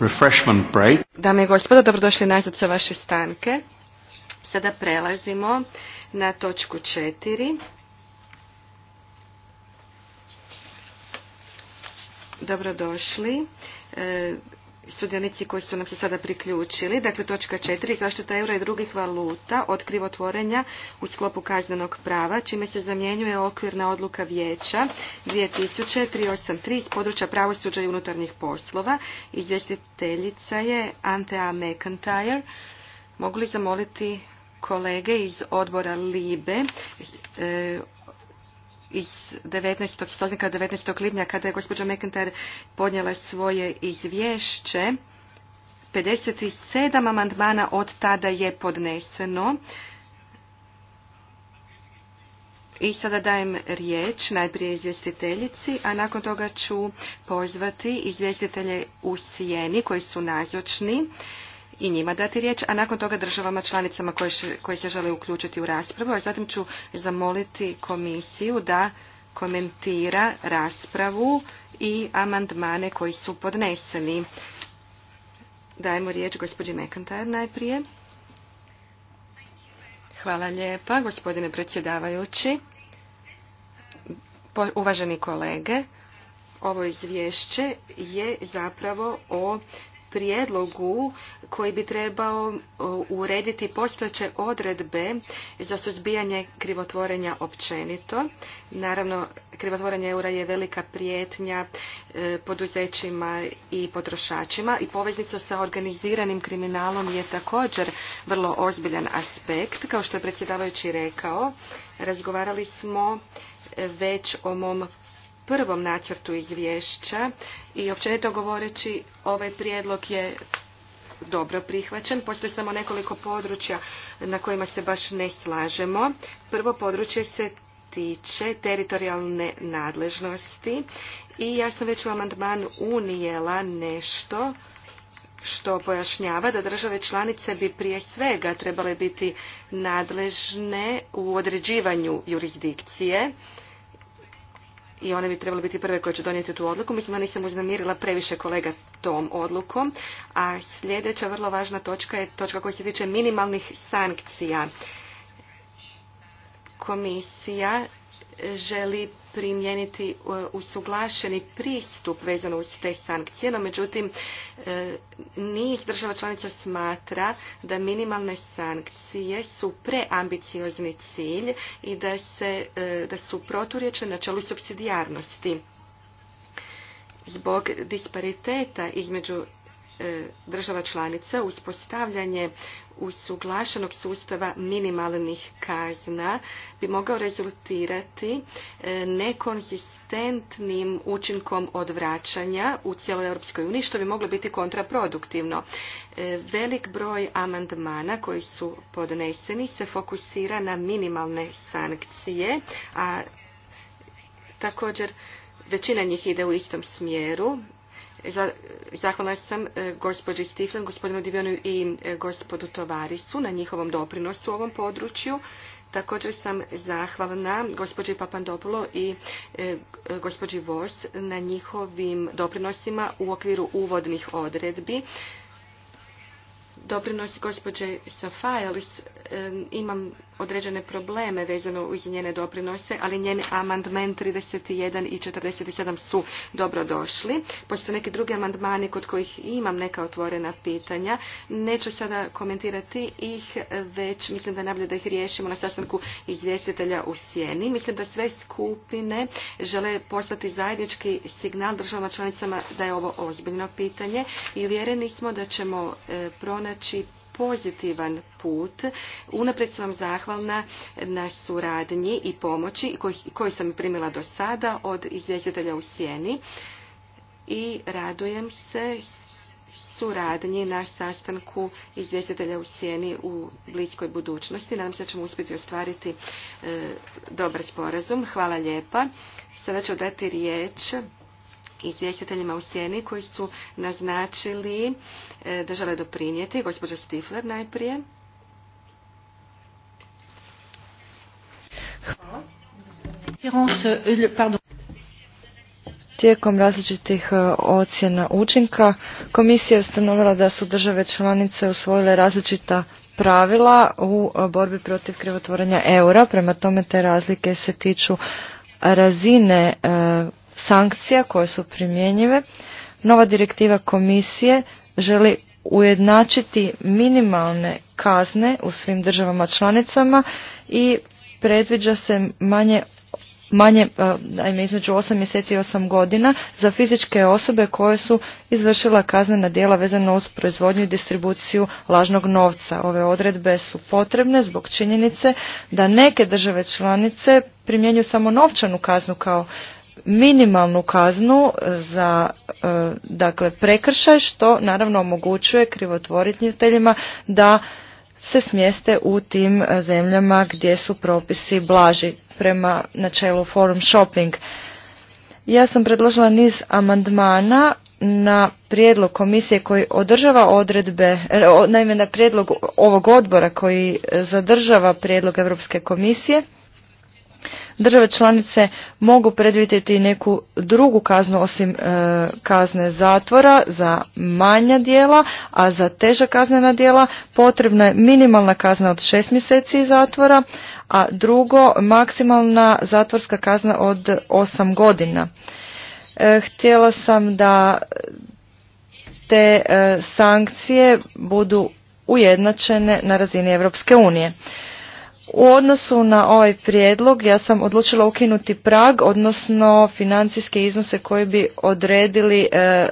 refreshment break. Dame i gospodo, dobrodošli nazad sa vaše stanke. Sada prelazimo na točku četiri. Dobrodošli. E, sudionici koji su nam se sada priključili. Dakle, točka četiri, Zaštita eura i drugih valuta od krivotvorenja u sklopu kaznenog prava, čime se zamjenjuje okvirna odluka vijeća 2000 83 iz područja pravosuđa i unutarnjih poslova. Izvjestiteljica je Antea McIntyre. Mogu li zamoliti kolege iz odbora LIBE e, iz 19. 19. lipnja kada je gospođa McIntyre podnijela svoje izvješće. 57 amandmana od tada je podneseno. I sada dajem riječ najprije izvjestiteljici, a nakon toga ću pozvati izvjestitelje u Sijeni koji su nazočni i njima dati riječ, a nakon toga državama članicama koje, koje se žele uključiti u raspravu. A zatim ću zamoliti komisiju da komentira raspravu i amandmane koji su podneseni. Dajemo riječ gospođi McIntyre najprije. Hvala lijepa, gospodine predsjedavajući. Uvaženi kolege, ovo izvješće je zapravo o prijedlogu koji bi trebao e, urediti postojeće odredbe za suzbijanje krivotvorenja općenito. Naravno, krivotvorenje eura je velika prijetnja e, poduzećima i potrošačima i poveznica sa organiziranim kriminalom je također vrlo ozbiljan aspekt. Kao što je predsjedavajući rekao, razgovarali smo već o mom prvom nacrtu izvješća i općenito govoreći ovaj prijedlog je dobro prihvaćen. Postoji samo nekoliko područja na kojima se baš ne slažemo. Prvo područje se tiče teritorijalne nadležnosti i ja sam već u amandman unijela nešto što pojašnjava da države članice bi prije svega trebale biti nadležne u određivanju jurisdikcije i one bi trebale biti prve koje će donijeti tu odluku. Mislim da nisam uznamirila previše kolega tom odlukom. A sljedeća vrlo važna točka je točka koja se tiče minimalnih sankcija. Komisija želi primijeniti e, usuglašeni pristup vezano uz te sankcije, no međutim e, niz država članica smatra da minimalne sankcije su preambiciozni cilj i da, se, e, da su proturječne načelu subsidijarnosti. Zbog dispariteta između E, država članica uspostavljanje usuglašenog sustava minimalnih kazna bi mogao rezultirati e, nekonzistentnim učinkom odvraćanja u cijeloj Europskoj uniji što bi moglo biti kontraproduktivno. E, velik broj amandmana koji su podneseni se fokusira na minimalne sankcije, a također većina njih ide u istom smjeru Zahvalna sam e, gospođi Stiflen, gospodinu Divionu i e, gospodu Tovarisu na njihovom doprinosu u ovom području. Također sam zahvalna gospođi Papandopulo i e, gospođi Vos na njihovim doprinosima u okviru uvodnih odredbi doprinos gospođe Safajlis imam određene probleme vezano uz njene doprinose, ali njeni amandman 31 i 47 su dobro došli. Postoje neki drugi amandmani kod kojih imam neka otvorena pitanja. Neću sada komentirati ih, već mislim da je najbolje da ih riješimo na sastanku izvjestitelja u Sjeni. Mislim da sve skupine žele poslati zajednički signal državama članicama da je ovo ozbiljno pitanje i uvjereni smo da ćemo e, pronaći naći pozitivan put. Unaprijed sam vam zahvalna na suradnji i pomoći koju, sam primila do sada od izvjestitelja u Sjeni i radujem se suradnji na sastanku izvjestitelja u Sjeni u bliskoj budućnosti. Nadam se da ćemo uspjeti ostvariti e, dobar sporazum. Hvala lijepa. Sada ću dati riječ izvjestiteljima u sjeni koji su naznačili e, da žele doprinijeti. Gospođa Stifler najprije.
Hvala. Tijekom različitih e, ocjena učinka komisija je ustanovila da su države članice usvojile različita pravila u e, borbi protiv krivotvorenja eura. Prema tome te razlike se tiču razine sankcija koje su primjenjive. Nova direktiva komisije želi ujednačiti minimalne kazne u svim državama članicama i predviđa se manje manje, e, ajme, između 8 mjeseci i 8 godina za fizičke osobe koje su izvršila kaznena djela vezano uz proizvodnju i distribuciju lažnog novca. Ove odredbe su potrebne zbog činjenice da neke države članice primjenjuju samo novčanu kaznu kao minimalnu kaznu za e, dakle prekršaj što naravno omogućuje krivotvoriteljima da se smjeste u tim e, zemljama gdje su propisi blaži prema načelu forum shopping. Ja sam predložila niz amandmana na prijedlog komisije koji održava odredbe, e, naime na prijedlog ovog odbora koji zadržava prijedlog Europske komisije Države članice mogu predvidjeti neku drugu kaznu osim e, kazne zatvora za manja dijela, a za teža kaznena djela potrebna je minimalna kazna od šest mjeseci zatvora, a drugo maksimalna zatvorska kazna od osam godina. E, htjela sam da te e, sankcije budu ujednačene na razini Europske unije. U odnosu na ovaj prijedlog ja sam odlučila ukinuti prag, odnosno financijske iznose koji bi odredili e,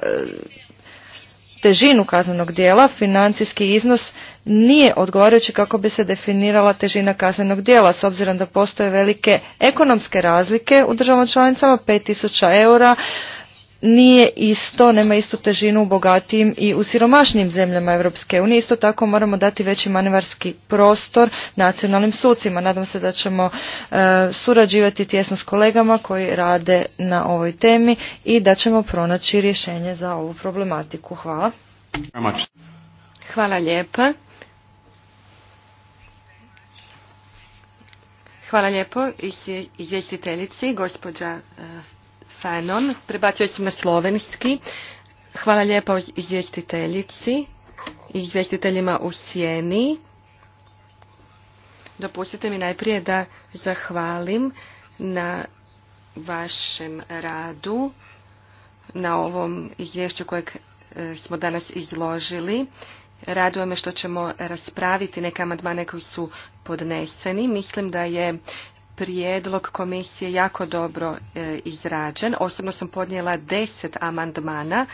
težinu kaznenog dijela. Financijski iznos nije odgovarajući kako bi se definirala težina kaznenog dijela, s obzirom da postoje velike ekonomske razlike u državama članicama, 5000 eura, nije isto, nema istu težinu u bogatijim i u siromašnim zemljama Europske unije. Isto tako moramo dati veći manevarski prostor nacionalnim sucima. Nadam se da ćemo e, surađivati tjesno s kolegama koji rade na ovoj temi i da ćemo pronaći rješenje za ovu problematiku. Hvala. Hvala lijepa. Hvala lijepo
izvjestiteljici, gospođa e, Fanon. Prebacio sam na slovenski. Hvala lijepo izvjestiteljici i izvjestiteljima u Sjeni. Dopustite mi najprije da zahvalim na vašem radu, na ovom izvješću kojeg e, smo danas izložili. Raduje me što ćemo raspraviti neke amandmane koji su podneseni. Mislim da je prijedlog komisije jako dobro e, izrađen. Osobno sam podnijela deset amandmana.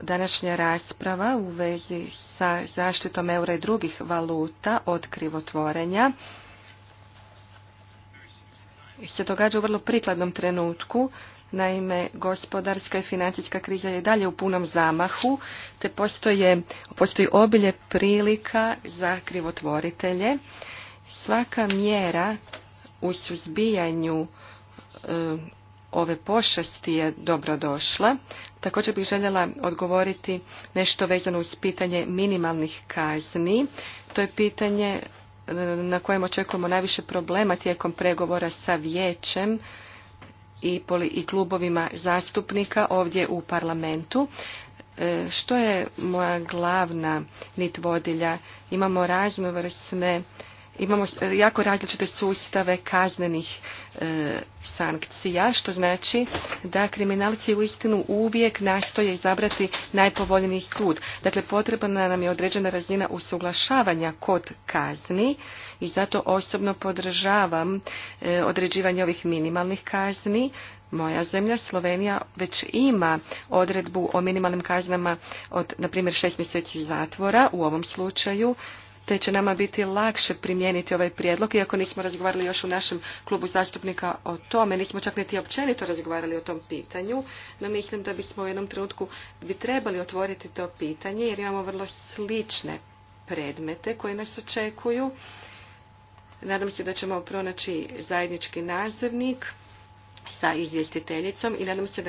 Današnja rasprava u vezi sa zaštitom eura i drugih valuta od krivotvorenja se događa u vrlo prikladnom trenutku. Naime, gospodarska i financijska kriza je dalje u punom zamahu, te postoji obilje prilika za krivotvoritelje. Svaka mjera u suzbijanju e, ove pošasti je dobro dobrodošla. Također bih željela odgovoriti nešto vezano uz pitanje minimalnih kazni. To je pitanje e, na kojem očekujemo najviše problema tijekom pregovora sa vijećem i, klubovima zastupnika ovdje u parlamentu. E, što je moja glavna nit vodilja? Imamo raznovrsne imamo e, jako različite sustave kaznenih e, sankcija, što znači da kriminalci uistinu uvijek nastoje izabrati najpovoljniji sud. Dakle, potrebna nam je određena razina usuglašavanja kod kazni i zato osobno podržavam e, određivanje ovih minimalnih kazni. Moja zemlja, Slovenija, već ima odredbu o minimalnim kaznama od, na primjer, šest mjeseci zatvora u ovom slučaju te će nama biti lakše primijeniti ovaj prijedlog, iako nismo razgovarali još u našem klubu zastupnika o tome, nismo čak niti općenito razgovarali o tom pitanju, no mislim da bismo u jednom trenutku bi trebali otvoriti to pitanje, jer imamo vrlo slične predmete koje nas očekuju. Nadam se da ćemo pronaći zajednički nazivnik sa izvjestiteljicom i nadam se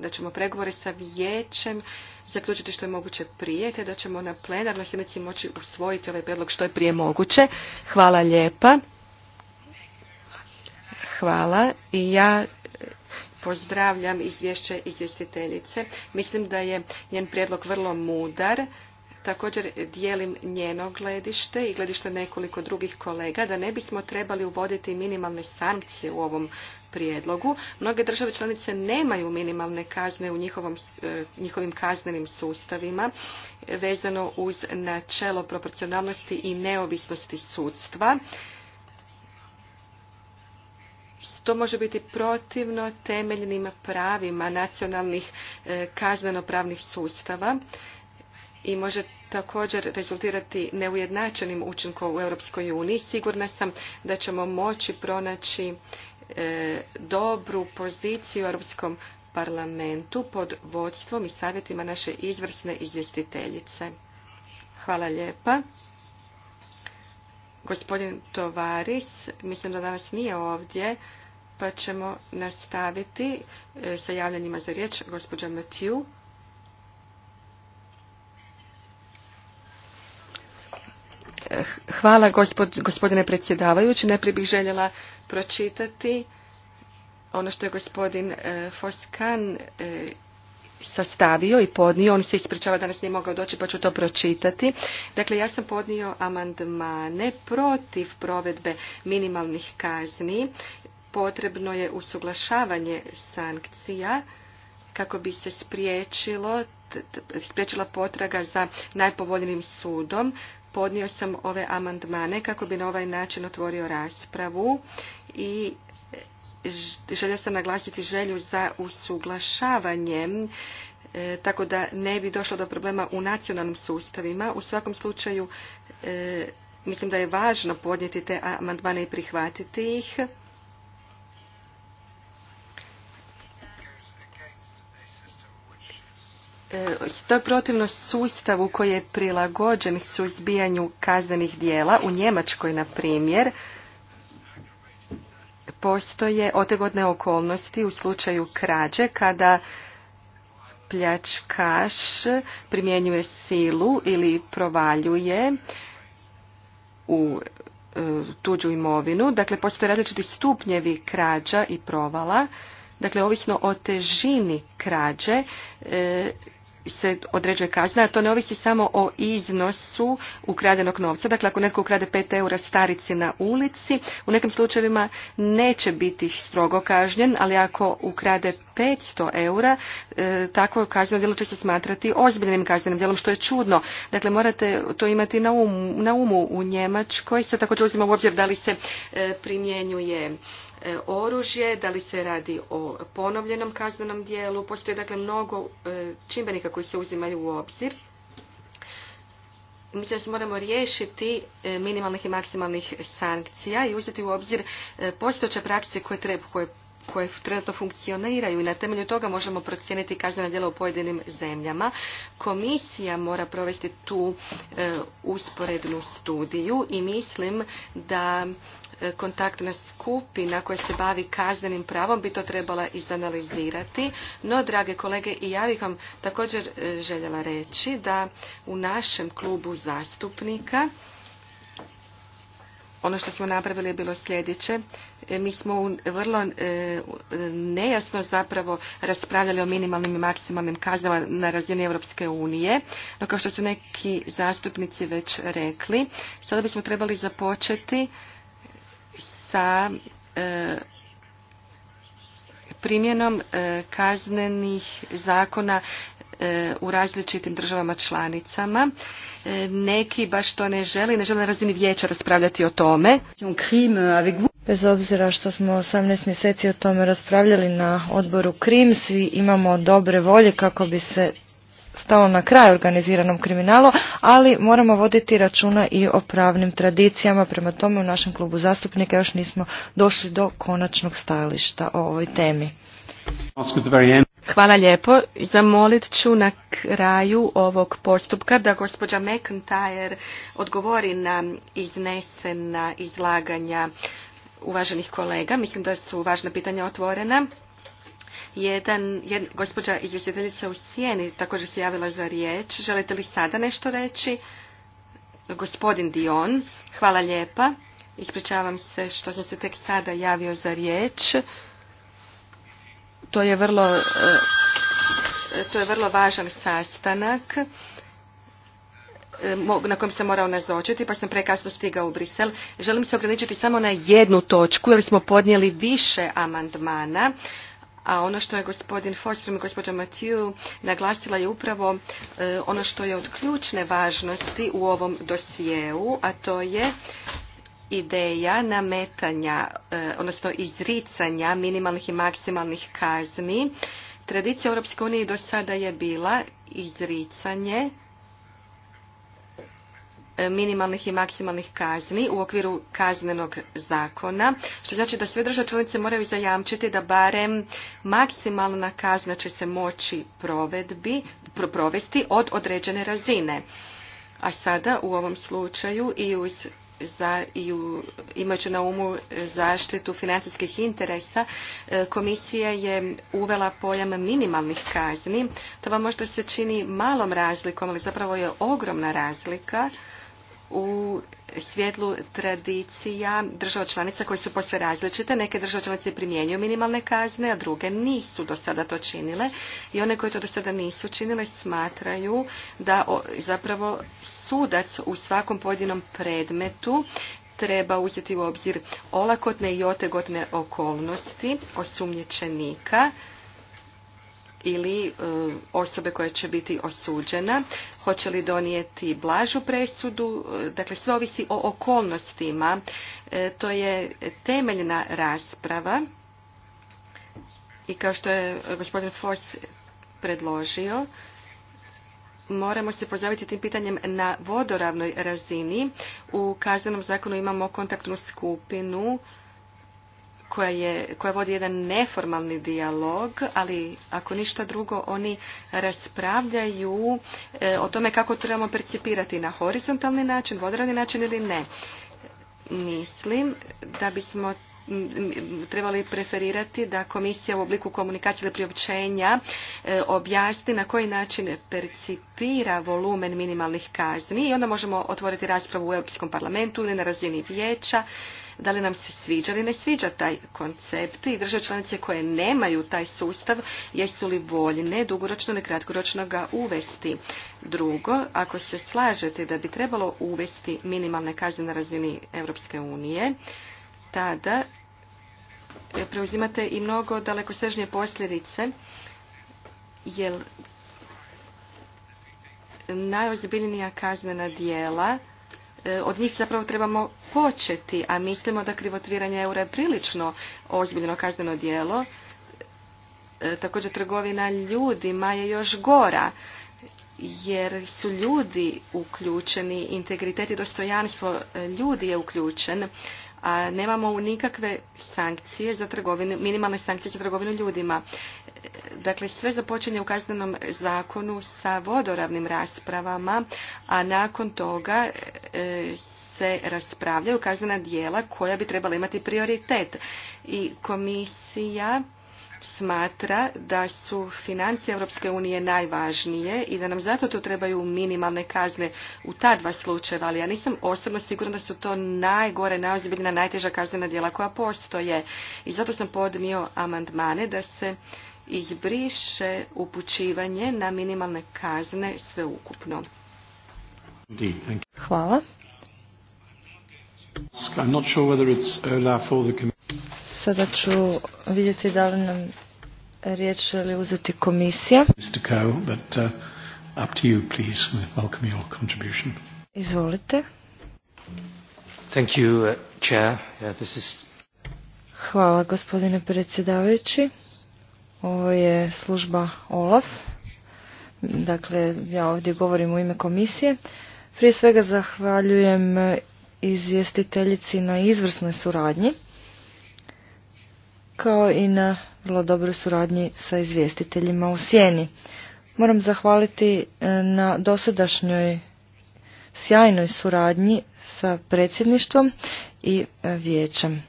da, ćemo pregovore sa vijećem zaključiti što je moguće prije, te da ćemo na plenarnoj sjednici moći usvojiti ovaj predlog što je prije moguće. Hvala lijepa. Hvala. I ja e, pozdravljam izvješće izvjestiteljice. Mislim da je njen prijedlog vrlo mudar. Također dijelim njeno gledište i gledište nekoliko drugih kolega da ne bismo trebali uvoditi minimalne sankcije u ovom prijedlogu. Mnoge države članice nemaju minimalne kazne u njihovom, e, njihovim kaznenim sustavima vezano uz načelo proporcionalnosti i neovisnosti sudstva. To može biti protivno temeljnim pravima nacionalnih e, kaznenopravnih sustava i može također rezultirati neujednačenim učinkom u Europskoj uniji. Sigurna sam da ćemo moći pronaći e, dobru poziciju u Europskom parlamentu pod vodstvom i savjetima naše izvrsne izvjestiteljice. Hvala lijepa. Gospodin Tovaris, mislim da danas nije ovdje, pa ćemo nastaviti e, sa javljanjima za riječ gospođa Mathieu. Hvala gospodine predsjedavajući. Najprije bih željela pročitati ono što je gospodin e, Foskan e, sastavio i podnio. On se ispričava da nas nije mogao doći pa ću to pročitati. Dakle, ja sam podnio amandmane protiv provedbe minimalnih kazni. Potrebno je usuglašavanje sankcija kako bi se spriječilo spriječila potraga za najpovoljnijim sudom. Podnio sam ove amandmane kako bi na ovaj način otvorio raspravu i e, želio sam naglasiti želju za usuglašavanjem e, tako da ne bi došlo do problema u nacionalnim sustavima. U svakom slučaju e, mislim da je važno podnijeti te amandmane i prihvatiti ih. to je protivno sustavu koji je prilagođen suzbijanju kaznenih dijela. U Njemačkoj, na primjer, postoje otegodne okolnosti u slučaju krađe kada pljačkaš primjenjuje silu ili provaljuje u e, tuđu imovinu. Dakle, postoje različiti stupnjevi krađa i provala. Dakle, ovisno o težini krađe, e, se određuje kazna, a to ne ovisi samo o iznosu ukradenog novca. Dakle, ako netko ukrade 5 eura starici na ulici, u nekim slučajevima neće biti strogo kažnjen, ali ako ukrade 500 eura, e, takvo kazneno djelo će se smatrati ozbiljnim kaznenim djelom, što je čudno. Dakle, morate to imati na umu. Na umu u Njemačkoj se također uzima u obzir da li se e, primjenjuje E, oružje, da li se radi o ponovljenom kaznenom dijelu. Postoje dakle mnogo e, čimbenika koji se uzimaju u obzir. Mislim da se moramo riješiti e, minimalnih i maksimalnih sankcija i uzeti u obzir postojeće prakse koje, treba, koje koje trenutno funkcioniraju i na temelju toga možemo procijeniti kaznena djela u pojedinim zemljama. Komisija mora provesti tu e, usporednu studiju i mislim da e, kontaktna skupina koja se bavi kaznenim pravom bi to trebala izanalizirati. No, drage kolege, i ja bih vam također e, željela reći da u našem klubu zastupnika ono što smo napravili je bilo sljedeće. E, mi smo vrlo e, e, nejasno zapravo raspravljali o minimalnim i maksimalnim kaznama na razini Europske unije, no kao što su neki zastupnici već rekli, sada bismo trebali započeti sa primjenom kaznenih zakona E, u različitim državama članicama. E, neki baš to ne žele
ne žele na razini vijeća raspravljati o tome. Bez obzira što smo 18 mjeseci o tome raspravljali na odboru Krim, svi imamo dobre volje kako bi se stalo na kraj organiziranom kriminalu, ali moramo voditi računa i o pravnim tradicijama. Prema tome u našem klubu zastupnika još nismo došli do konačnog stajališta o ovoj temi. Hvala lijepo. Zamolit
ću na kraju ovog postupka da gospođa McIntyre odgovori na iznesena izlaganja uvaženih kolega. Mislim da su važna pitanja otvorena. Jedan, gospođa izvjestiteljica u sjeni također se javila za riječ. Želite li sada nešto reći? Gospodin Dion, hvala lijepa. Ispričavam se što sam se tek sada javio za riječ. To je vrlo, e, to je vrlo važan sastanak e, na kojem sam morao nazočiti, pa sam prekasno stigao u Brisel. Želim se ograničiti samo na jednu točku, jer smo podnijeli više amandmana, a ono što je gospodin Foster i gospođa Mathieu naglasila je upravo e, ono što je od ključne važnosti u ovom dosijeu, a to je ideja nametanja, e, odnosno izricanja minimalnih i maksimalnih kazni. Tradicija Europske unije do sada je bila izricanje e, minimalnih i maksimalnih kazni u okviru kaznenog zakona, što znači da sve države članice moraju zajamčiti da barem maksimalna kazna će se moći provedbi, provesti od određene razine. A sada u ovom slučaju i uz za i imajući na umu zaštitu financijskih interesa, e, komisija je uvela pojam minimalnih kazni. To vam možda se čini malom razlikom, ali zapravo je ogromna razlika u svjetlu tradicija država članica koji su posve različite. Neke države članice primjenjuju minimalne kazne, a druge nisu do sada to činile. I one koje to do sada nisu činile smatraju da zapravo sudac u svakom pojedinom predmetu treba uzeti u obzir olakotne i otegotne okolnosti osumnjičenika ili e, osobe koja će biti osuđena, hoće li donijeti blažu presudu, e, dakle sve ovisi o okolnostima. E, to je temeljna rasprava i kao što je gospodin Fors predložio, moramo se pozaviti tim pitanjem na vodoravnoj razini. U kaznenom zakonu imamo kontaktnu skupinu koja, je, koja vodi jedan neformalni dijalog, ali ako ništa drugo oni raspravljaju e, o tome kako trebamo percipirati na horizontalni način, vodrani način ili ne. Mislim da bismo trebali preferirati da komisija u obliku komunikacije ili priopćenja e, objasni na koji način percipira volumen minimalnih kazni i onda možemo otvoriti raspravu u Europskom parlamentu ili na razini vijeća da li nam se sviđa ili ne sviđa taj koncept i države članice koje nemaju taj sustav jesu li voljne dugoročno ili kratkoročno ga uvesti. Drugo, ako se slažete da bi trebalo uvesti minimalne kazne na razini Europske unije, tada preuzimate i mnogo dalekosežnije posljedice, jer najozbiljnija kaznena dijela E, od njih zapravo trebamo početi, a mislimo da krivotviranje eura je prilično ozbiljno kazneno djelo. E, također trgovina ljudima je još gora, jer su ljudi uključeni, integritet i dostojanstvo ljudi je uključen a nemamo nikakve sankcije za trgovinu, minimalne sankcije za trgovinu ljudima. Dakle, sve započinje u kaznenom zakonu sa vodoravnim raspravama, a nakon toga e, se raspravljaju kaznena dijela koja bi trebala imati prioritet. I komisija smatra da su financije Europske unije najvažnije i da nam zato tu trebaju minimalne kazne u ta dva slučajeva, ali ja nisam osobno sigurna da su to najgore, najozbiljna, najteža kaznena djela koja postoje. I zato sam podnio amandmane da se izbriše upućivanje na minimalne kazne sveukupno.
Hvala. Uh,
Sada ću vidjeti da li nam riječ želi uzeti komisija. Izvolite. Hvala gospodine predsjedavajući. Ovo je služba OLAF. Dakle, ja ovdje govorim u ime komisije. Prije svega zahvaljujem izvjestiteljici na izvrsnoj suradnji kao i na vrlo dobroj suradnji sa izvjestiteljima u Sjeni. Moram zahvaliti e, na dosadašnjoj sjajnoj suradnji sa predsjedništvom i e, vijećem.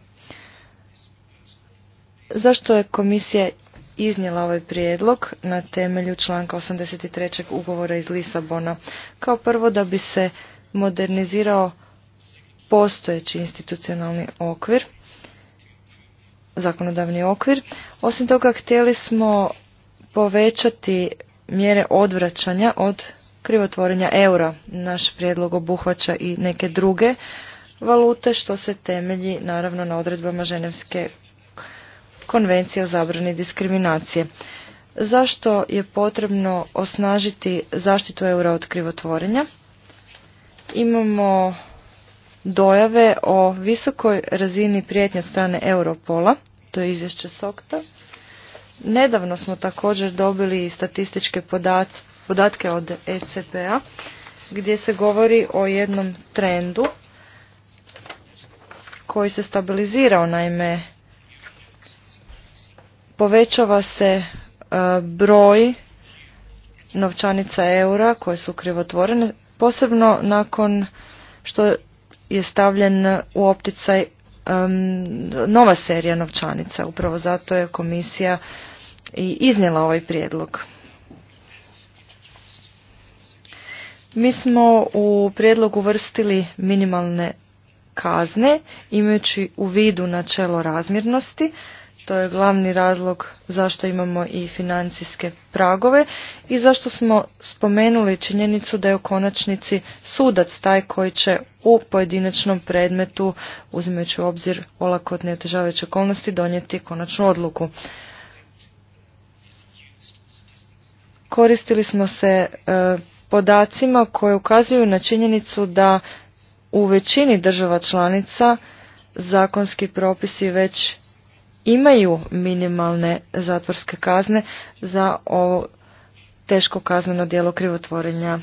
Zašto je komisija iznijela ovaj prijedlog na temelju članka 83. ugovora iz Lisabona? Kao prvo da bi se modernizirao postojeći institucionalni okvir, zakonodavni okvir. Osim toga, htjeli smo povećati mjere odvraćanja od krivotvorenja eura. Naš prijedlog obuhvaća i neke druge valute, što se temelji naravno na odredbama Ženevske konvencije o zabrani diskriminacije. Zašto je potrebno osnažiti zaštitu eura od krivotvorenja? Imamo dojave o visokoj razini prijetnje strane Europola, to je izvješće Sokta. Nedavno smo također dobili statističke podatke od ECPA, gdje se govori o jednom trendu koji se stabilizirao, naime povećava se e, broj novčanica eura koje su krivotvorene, posebno nakon što je stavljen u opticaj nova serija novčanica. Upravo zato je komisija i iznijela ovaj prijedlog. Mi smo u prijedlog uvrstili minimalne kazne imajući u vidu načelo razmjernosti to je glavni razlog zašto imamo i financijske pragove i zašto smo spomenuli činjenicu da je u konačnici sudac taj koji će u pojedinačnom predmetu, uzimajući u obzir olakotne otežavajuće okolnosti, donijeti konačnu odluku. Koristili smo se e, podacima koje ukazuju na činjenicu da u većini država članica zakonski propisi već imaju minimalne zatvorske kazne za ovo teško kazneno djelo krivotvorenja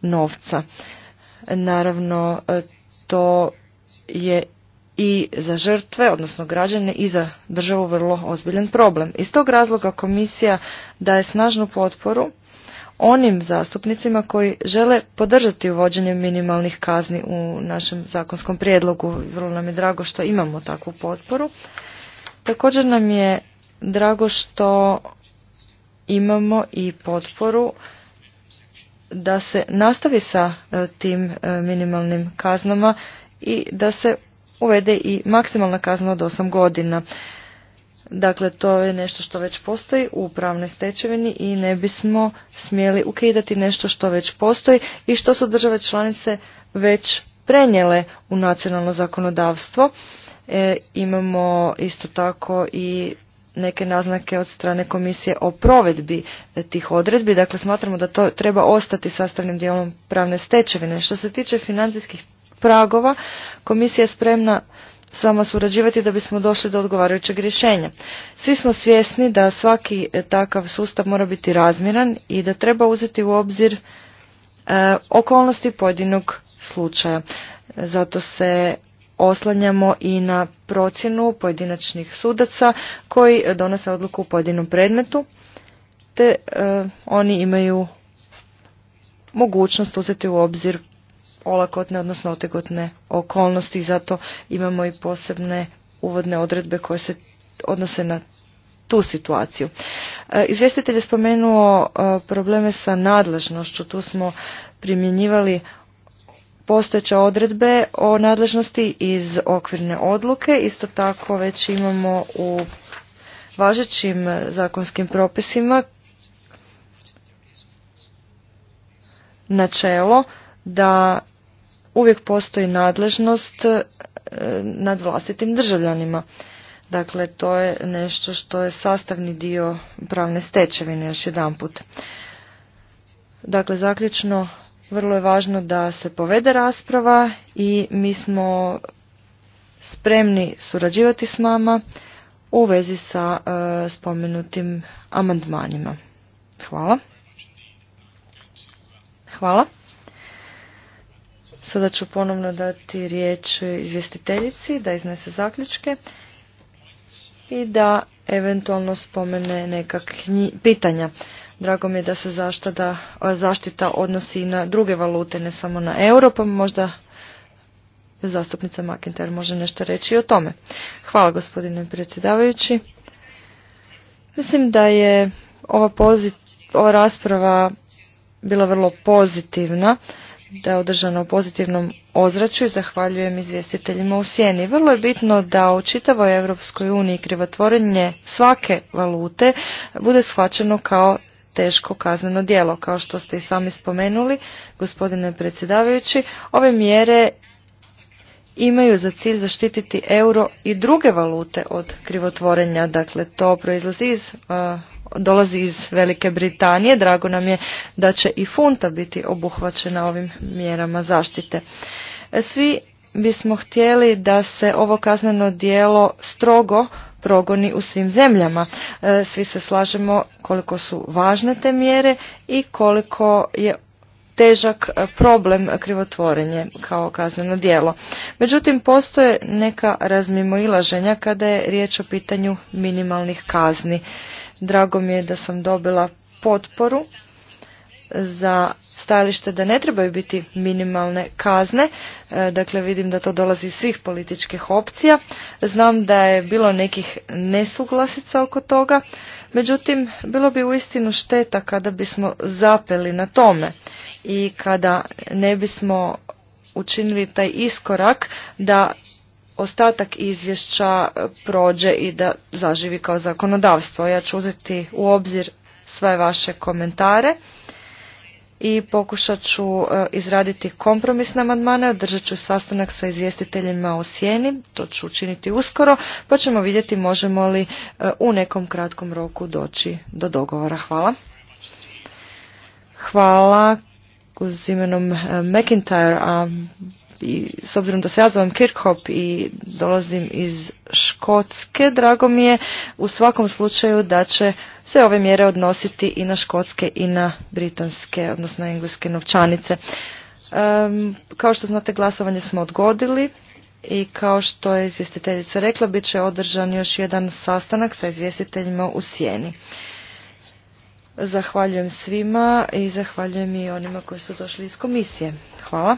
novca. Naravno, e, to je i za žrtve, odnosno građane, i za državu vrlo ozbiljan problem. Iz tog razloga komisija daje snažnu potporu onim zastupnicima koji žele podržati uvođenje minimalnih kazni u našem zakonskom prijedlogu. Vrlo nam je drago što imamo takvu potporu, Također nam je drago što imamo i potporu da se nastavi sa e, tim e, minimalnim kaznama i da se uvede i maksimalna kazna od 8 godina. Dakle, to je nešto što već postoji u pravnoj stečevini i ne bismo smjeli ukidati nešto što već postoji i što su države članice već prenijele u nacionalno zakonodavstvo E, imamo isto tako i neke naznake od strane komisije o provedbi e, tih odredbi. Dakle, smatramo da to treba ostati sastavnim dijelom pravne stečevine. Što se tiče financijskih pragova, komisija je spremna s vama surađivati da bismo došli do odgovarajućeg rješenja. Svi smo svjesni da svaki e, takav sustav mora biti razmjeran i da treba uzeti u obzir okolnosti pojedinog slučaja. Zato se oslanjamo i na procjenu pojedinačnih sudaca koji donose odluku u pojedinom predmetu, te e, oni imaju mogućnost uzeti u obzir olakotne, odnosno otegotne okolnosti i zato imamo i posebne uvodne odredbe koje se odnose na tu situaciju. E, izvjestitelj je spomenuo e, probleme sa nadležnošću. Tu smo primjenjivali postojeće odredbe o nadležnosti iz okvirne odluke. Isto tako već imamo u važećim zakonskim propisima načelo da uvijek postoji nadležnost e, nad vlastitim državljanima. Dakle, to je nešto što je sastavni dio pravne stečevine još jedan put. Dakle, zaključno vrlo je važno da se povede rasprava i mi smo spremni surađivati s vama u vezi sa e, spomenutim amandmanima. Hvala. Hvala. Sada ću ponovno dati riječ izvjestiteljici da iznese zaključke i da eventualno spomene neka pitanja. Drago mi je da se zaštita, zaštita odnosi i na druge valute, ne samo na euro, pa možda zastupnica McIntyre može nešto reći i o tome. Hvala gospodine predsjedavajući. Mislim da je ova, rasprava bila vrlo pozitivna, da je održana u pozitivnom ozračju i zahvaljujem izvjestiteljima u sjeni. Vrlo je bitno da u čitavoj Europskoj uniji krivotvorenje svake valute bude shvaćeno kao teško kazneno djelo. Kao što ste i sami spomenuli, gospodine predsjedavajući, ove mjere imaju za cilj zaštititi euro i druge valute od krivotvorenja. Dakle, to proizlazi iz, dolazi iz Velike Britanije. Drago nam je da će i funta biti obuhvaćena ovim mjerama zaštite. E, svi bismo htjeli da se ovo kazneno djelo strogo progoni u svim zemljama. E, svi se slažemo koliko su važne te mjere i koliko je težak e, problem krivotvorenje kao kazneno djelo. Međutim, postoje neka razmimoilaženja kada je riječ o pitanju minimalnih kazni. Drago mi je da sam dobila potporu za stajalište da ne trebaju biti minimalne kazne. E, dakle, vidim da to dolazi iz svih političkih opcija. Znam da je bilo nekih nesuglasica oko toga. Međutim, bilo bi uistinu šteta kada bismo zapeli na tome i kada ne bismo učinili taj iskorak da ostatak izvješća prođe i da zaživi kao zakonodavstvo. Ja ću uzeti u obzir sve vaše komentare i pokušat ću e, izraditi kompromisne amandmane, održat ću sastanak sa izvjestiteljima o sjeni, to ću učiniti uskoro, pa ćemo vidjeti možemo li e, u nekom kratkom roku doći do dogovora. Hvala. Hvala uz imenom e, McIntyre, a i s obzirom da se ja zovem Kirkhop i dolazim iz Škotske, drago mi je u svakom slučaju da će se ove mjere odnositi i na škotske i na britanske, odnosno engleske novčanice. kao što znate, glasovanje smo odgodili i kao što je izvjestiteljica rekla, bit će održan još jedan sastanak sa izvjestiteljima u Sjeni. Zahvaljujem svima i zahvaljujem i onima koji su došli iz komisije. Hvala.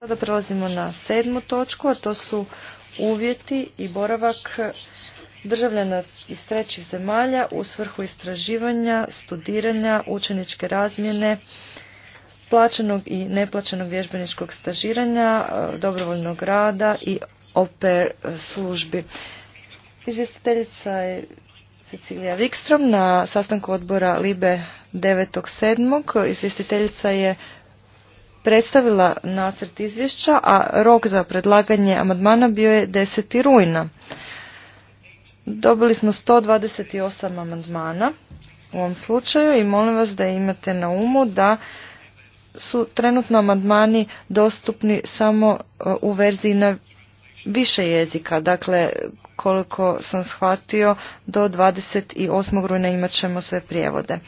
Sada prelazimo na sedmu točku, a to su uvjeti i boravak državljana iz trećih zemalja u svrhu istraživanja, studiranja, učeničke razmjene, plaćenog i neplaćenog vježbeničkog stažiranja, e, dobrovoljnog rada i oper službi. Izvjestiteljica je Cecilija Wikstrom na sastanku odbora Libe 9.7. Izvjestiteljica je predstavila nacrt izvješća, a rok za predlaganje amandmana bio je 10. rujna. Dobili smo 128 amandmana u ovom slučaju i molim vas da imate na umu da su trenutno amandmani dostupni samo e, u verziji na više jezika. Dakle, koliko sam shvatio, do 28. rujna imat ćemo sve prijevode.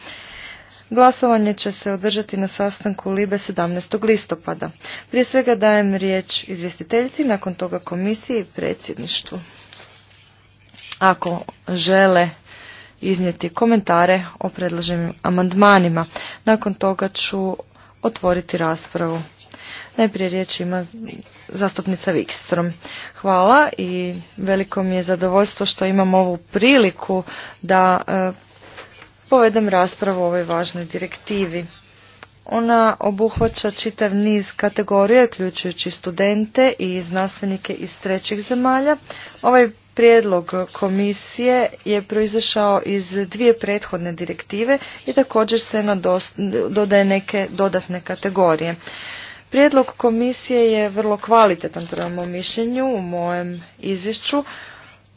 Glasovanje će se održati na sastanku Libe 17. listopada. Prije svega dajem riječ izvjestiteljici, nakon toga komisiji i predsjedništvu. Ako žele iznijeti komentare o predloženim amandmanima, nakon toga ću otvoriti raspravu. Najprije riječ ima zastupnica Vikstrom. Hvala i veliko mi je zadovoljstvo što imam ovu priliku da e, povedem raspravu o ovoj važnoj direktivi. Ona obuhvaća čitav niz kategorija, uključujući studente i znanstvenike iz trećih zemalja. Ovaj prijedlog komisije je proizašao iz dvije prethodne direktive i također se dodaje neke dodatne kategorije. Prijedlog komisije je vrlo kvalitetan prema mom mišljenju u mojem izvješću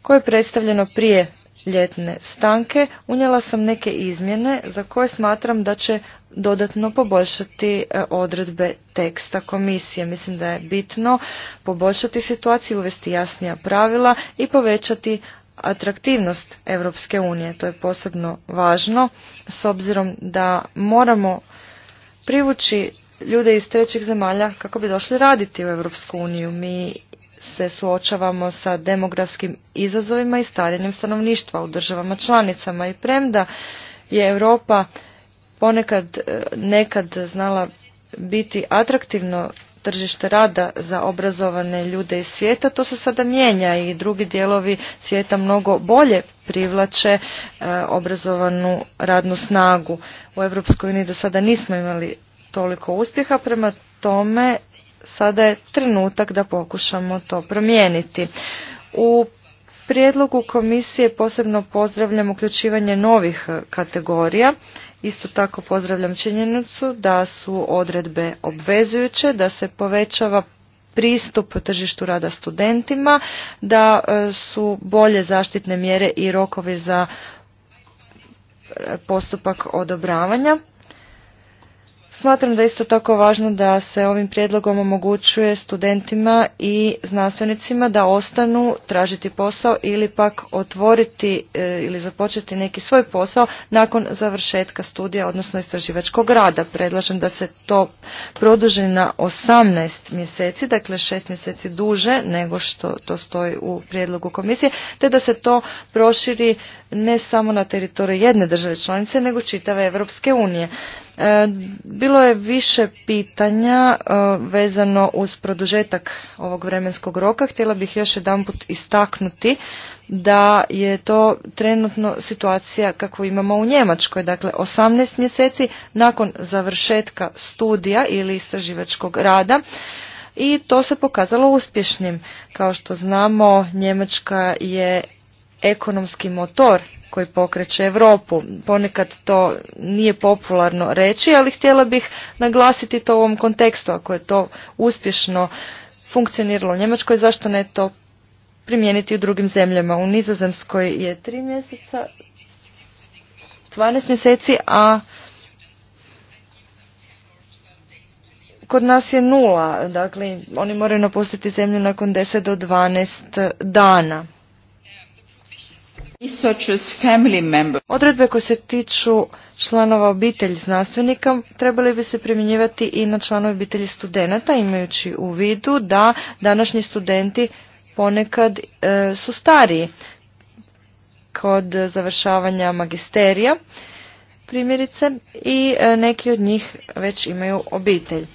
koje je predstavljeno prije ljetne stanke. Unijela sam neke izmjene za koje smatram da će dodatno poboljšati e, odredbe teksta komisije. Mislim da je bitno poboljšati situaciju, uvesti jasnija pravila i povećati atraktivnost Europske unije. To je posebno važno s obzirom da moramo privući ljude iz trećih zemalja kako bi došli raditi u Europsku uniju. Mi se suočavamo sa demografskim izazovima i starenjem stanovništva u državama članicama i premda je Europa ponekad e, nekad znala biti atraktivno tržište rada za obrazovane ljude iz svijeta, to se sada mijenja i drugi dijelovi svijeta mnogo bolje privlače e, obrazovanu radnu snagu. U Europskoj uniji do sada nismo imali toliko uspjeha, prema tome sada je trenutak da pokušamo to promijeniti. U prijedlogu komisije posebno pozdravljam uključivanje novih kategorija. Isto tako pozdravljam činjenicu da su odredbe obvezujuće, da se povećava pristup tržištu rada studentima, da e, su bolje zaštitne mjere i rokovi za e, postupak odobravanja. Smatram da je isto tako važno da se ovim prijedlogom omogućuje studentima i znanstvenicima da ostanu tražiti posao ili pak otvoriti e, ili započeti neki svoj posao nakon završetka studija, odnosno istraživačkog rada. Predlažem da se to produži na 18 mjeseci, dakle 6 mjeseci duže nego što to stoji u prijedlogu komisije, te da se to proširi ne samo na teritoriju jedne države članice, nego čitave Evropske unije. E, bilo je više pitanja e, vezano uz produžetak ovog vremenskog roka. Htjela bih još jedanput istaknuti da je to trenutno situacija kakvu imamo u Njemačkoj. Dakle, 18 mjeseci nakon završetka studija ili istraživačkog rada i to se pokazalo uspješnim. Kao što znamo, Njemačka je ekonomski motor koji pokreće Europu. Ponekad to nije popularno reći, ali htjela bih naglasiti to u ovom kontekstu. Ako je to uspješno funkcioniralo u Njemačkoj, zašto ne to primijeniti u drugim zemljama? U Nizozemskoj je 3 mjeseca, 12 mjeseci, a kod nas je nula. Dakle, oni moraju napustiti zemlju nakon 10 do 12 dana. Odredbe koje se tiču članova obitelji znanstvenika trebali bi se primjenjivati i na članove obitelji studenata imajući u vidu da današnji studenti ponekad e, su stariji kod završavanja magisterija primjerice i e, neki od njih već imaju obitelj.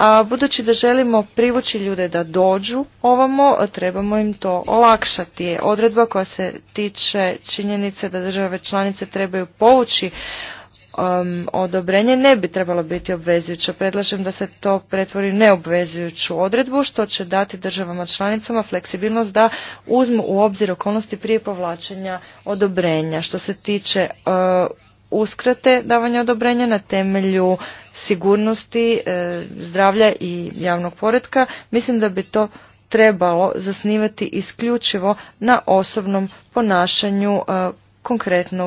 A budući da želimo privući ljude da dođu ovamo, trebamo im to olakšati. Je odredba koja se tiče činjenice da države članice trebaju povući um, odobrenje ne bi trebalo biti obvezujuće. Predlažem da se to pretvori neobvezujuću odredbu što će dati državama članicama fleksibilnost da uzmu u obzir okolnosti prije povlačenja odobrenja. Što se tiče uh, uskrate davanja odobrenja na temelju sigurnosti, e, zdravlja i javnog poretka, mislim da bi to trebalo zasnivati isključivo na osobnom ponašanju e, e,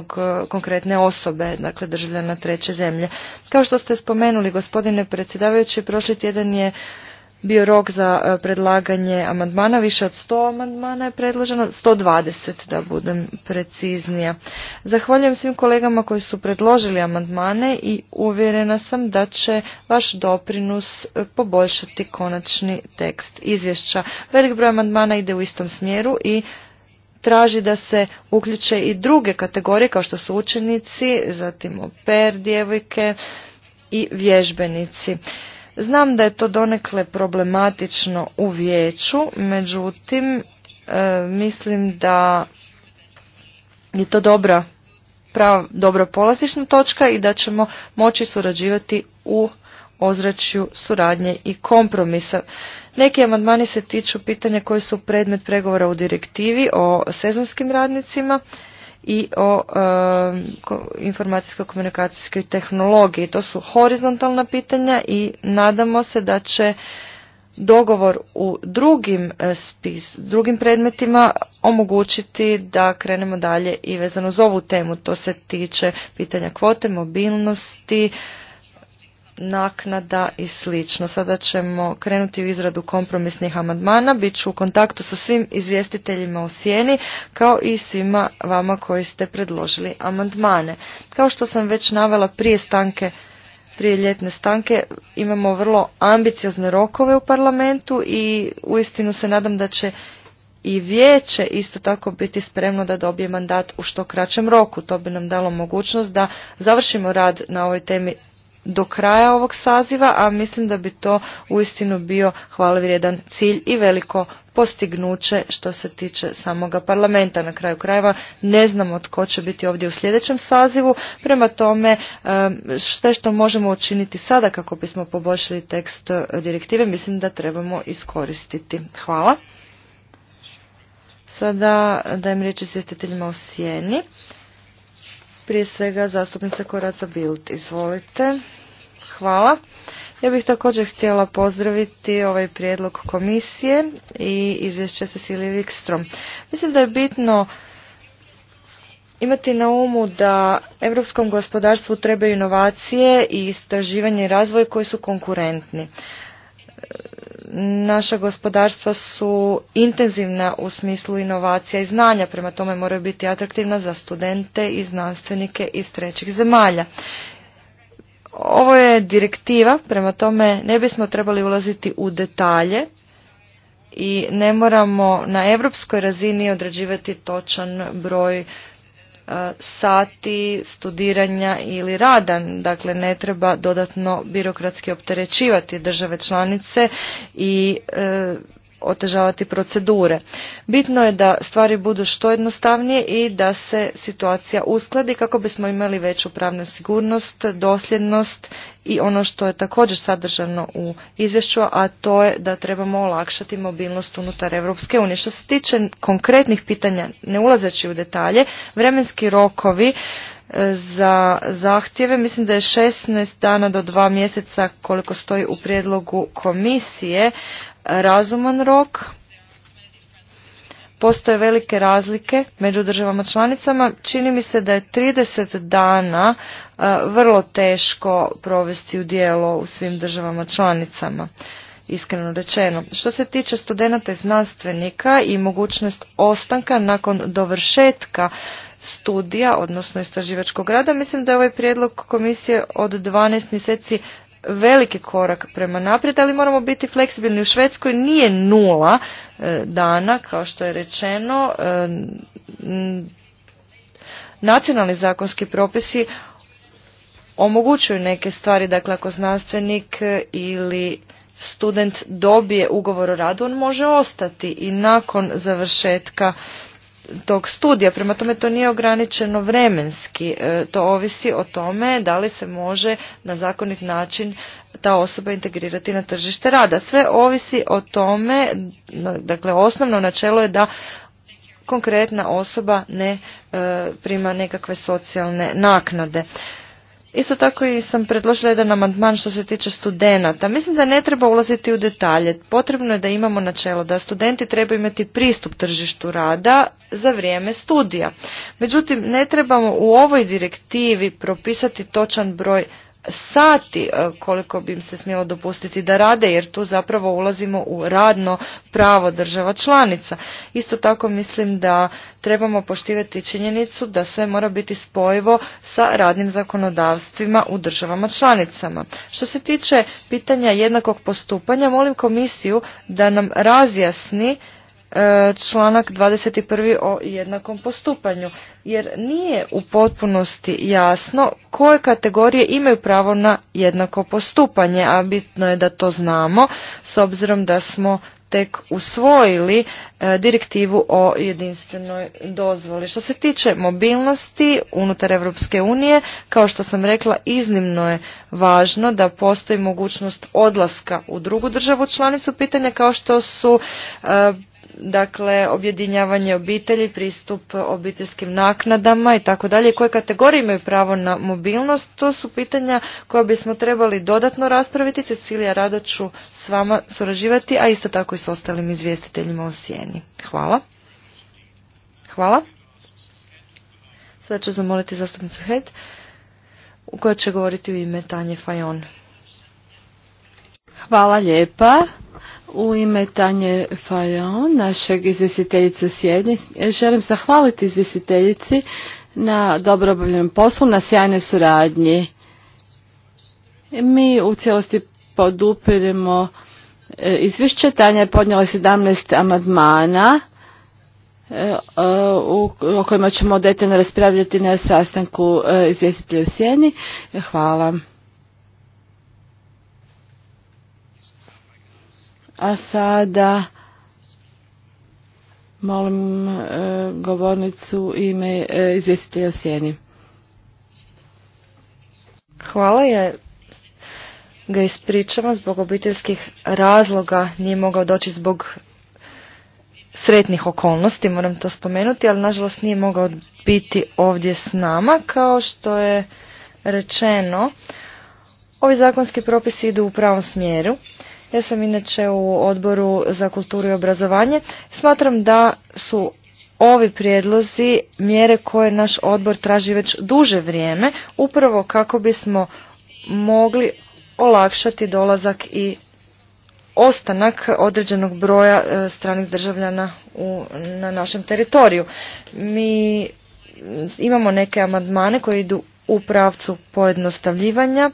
konkretne osobe, dakle državljana treće zemlje. Kao što ste spomenuli, gospodine predsjedavajući, prošli tjedan je bio rok za e, predlaganje amandmana, više od 100 amandmana je predloženo, 120 da budem preciznija. Zahvaljujem svim kolegama koji su predložili amandmane i uvjerena sam da će vaš doprinus e, poboljšati konačni tekst izvješća. Velik broj amandmana ide u istom smjeru i traži da se uključe i druge kategorije kao što su učenici, zatim oper, djevojke i vježbenici. Znam da je to donekle problematično u vijeću, međutim e, mislim da je to dobra prav, dobra polazišna točka i da ćemo moći surađivati u ozračju suradnje i kompromisa. Neki amandmani se tiču pitanja koji su predmet pregovora u direktivi o sezonskim radnicima i o e, informacijsko-komunikacijskoj tehnologiji. To su horizontalna pitanja i nadamo se da će dogovor u drugim, e, spis, drugim predmetima omogućiti da krenemo dalje i vezano uz ovu temu. To se tiče pitanja kvote, mobilnosti, naknada i slično. Sada ćemo krenuti u izradu kompromisnih amandmana. Bit ću u kontaktu sa svim izvjestiteljima u sjeni kao i svima vama koji ste predložili amandmane. Kao što sam već navela prije stanke prije ljetne stanke imamo vrlo ambiciozne rokove u parlamentu i uistinu se nadam da će i vijeće isto tako biti spremno da dobije mandat u što kraćem roku. To bi nam dalo mogućnost da završimo rad na ovoj temi do kraja ovog saziva, a mislim da bi to uistinu bio vrijedan cilj i veliko postignuće što se tiče samoga parlamenta. Na kraju krajeva ne znamo tko će biti ovdje u sljedećem sazivu, prema tome sve što možemo učiniti sada kako bismo poboljšali tekst e, direktive mislim da trebamo iskoristiti. Hvala. Sada dajem riječ izvjestiteljima o sjeni. Prije svega zastupnica Koraca Bild, izvolite. Hvala. Ja bih također htjela pozdraviti ovaj prijedlog komisije i izvješće Cecilije Wikstrom. Mislim da je bitno imati na umu da europskom gospodarstvu trebaju inovacije i istraživanje i razvoj koji su konkurentni naša gospodarstva su intenzivna u smislu inovacija i znanja, prema tome moraju biti atraktivna za studente i znanstvenike iz trećih zemalja. Ovo je direktiva, prema tome ne bismo trebali ulaziti u detalje i ne moramo na europskoj razini određivati točan broj E, sati studiranja ili rada. Dakle, ne treba dodatno birokratski opterećivati države članice i e, otežavati procedure. Bitno je da stvari budu što jednostavnije i da se situacija uskladi kako bismo imali veću pravnu sigurnost, dosljednost i ono što je također sadržano u izvješću, a to je da trebamo olakšati mobilnost unutar Europske unije. Što se tiče konkretnih pitanja, ne ulazeći u detalje, vremenski rokovi e, za zahtjeve. Mislim da je 16 dana do 2 mjeseca koliko stoji u prijedlogu komisije, razuman rok. Postoje velike razlike među državama članicama. Čini mi se da je 30 dana e, vrlo teško provesti u dijelo u svim državama članicama iskreno rečeno. Što se tiče studenta i znanstvenika i mogućnost ostanka nakon dovršetka studija, odnosno istraživačkog rada, mislim da je ovaj prijedlog komisije od 12 mjeseci veliki korak prema naprijed, ali moramo biti fleksibilni. U Švedskoj nije nula e, dana, kao što je rečeno. E, nacionalni zakonski propisi omogućuju neke stvari, dakle ako znanstvenik ili student dobije ugovor o radu, on može ostati i nakon završetka tog studija, prema tome to nije ograničeno vremenski, e, to ovisi o tome da li se može na zakonit način ta osoba integrirati na tržište rada. Sve ovisi o tome, dakle osnovno načelo je da konkretna osoba ne e, prima nekakve socijalne naknade. Isto tako i sam predložila jedan amandman što se tiče studenata. Mislim da ne treba ulaziti u detalje. Potrebno je da imamo načelo da studenti trebaju imati pristup tržištu rada za vrijeme studija. Međutim, ne trebamo u ovoj direktivi propisati točan broj sati e, koliko bi im se smjelo dopustiti da rade jer tu zapravo ulazimo u radno pravo država članica. Isto tako mislim da trebamo poštivati činjenicu da sve mora biti spojivo sa radnim zakonodavstvima u državama članicama. Što se tiče pitanja jednakog postupanja, molim komisiju da nam razjasni članak 21. o jednakom postupanju, jer nije u potpunosti jasno koje kategorije imaju pravo na jednako postupanje, a bitno je da to znamo s obzirom da smo tek usvojili e, direktivu o jedinstvenoj dozvoli. Što se tiče mobilnosti unutar Europske unije, kao što sam rekla, iznimno je važno da postoji mogućnost odlaska u drugu državu članicu pitanja kao što su e, dakle objedinjavanje obitelji, pristup obiteljskim naknadama i tako dalje, koje kategorije imaju pravo na mobilnost, to su pitanja koja bismo trebali dodatno raspraviti. Cecilija Rado ću s vama surađivati, a isto tako i s ostalim izvjestiteljima u Sijeni. Hvala. Hvala. Sada ću zamoliti zastupnicu Hed, u kojoj će govoriti u ime Tanje Fajon. Hvala lijepa. U ime Tanje Fajon,
našeg izvjestiteljice Sjednje, želim zahvaliti izvjestiteljici na dobro obavljenom poslu, na sjajnoj suradnji. Mi u cijelosti podupiremo e, izvješće. Tanja je podnijela 17 amadmana e, e, o kojima ćemo detaljno raspravljati na sastanku izvjestitelja u Sjeni. Hvala. A sada molim e, govornicu ime e, izvjestitelja
sjeni. Hvala je ga ispričavam zbog obiteljskih razloga nije mogao doći zbog sretnih okolnosti, moram to spomenuti, ali nažalost nije mogao biti ovdje s nama. Kao što je rečeno, ovi zakonski propisi idu u pravom smjeru. Ja sam inače u odboru za kulturu i obrazovanje. Smatram da su ovi prijedlozi mjere koje naš odbor traži već duže vrijeme, upravo kako bismo mogli olakšati dolazak i ostanak određenog broja e, stranih državljana u, na našem teritoriju. Mi imamo neke amandmane koji idu u pravcu pojednostavljivanja.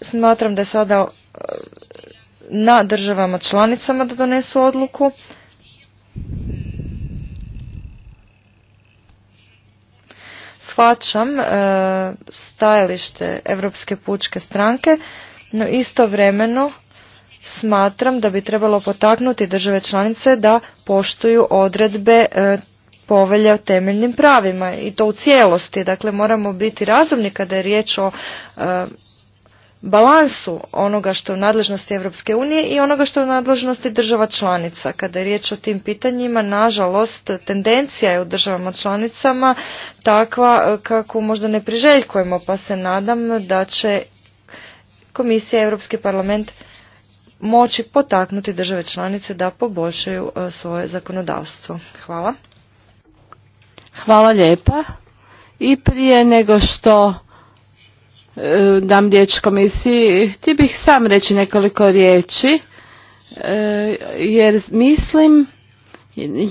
Smatram da je sada e, na državama članicama da donesu odluku. Shvaćam e, stajalište Europske pučke stranke, no istovremeno smatram da bi trebalo potaknuti države članice da poštuju odredbe e, povelja o temeljnim pravima i to u cijelosti. Dakle, moramo biti razumni kada je riječ o e, balansu onoga što je u nadležnosti Europske unije i onoga što je u nadležnosti država članica. Kada je riječ o tim pitanjima, nažalost, tendencija je u državama članicama takva e, kako možda ne priželjkujemo, pa se nadam da će Komisija Europski parlament moći potaknuti države članice da poboljšaju e, svoje zakonodavstvo. Hvala.
Hvala lijepa. I prije nego što E, dam riječ komisiji, htio bih sam reći nekoliko riječi, e, jer mislim,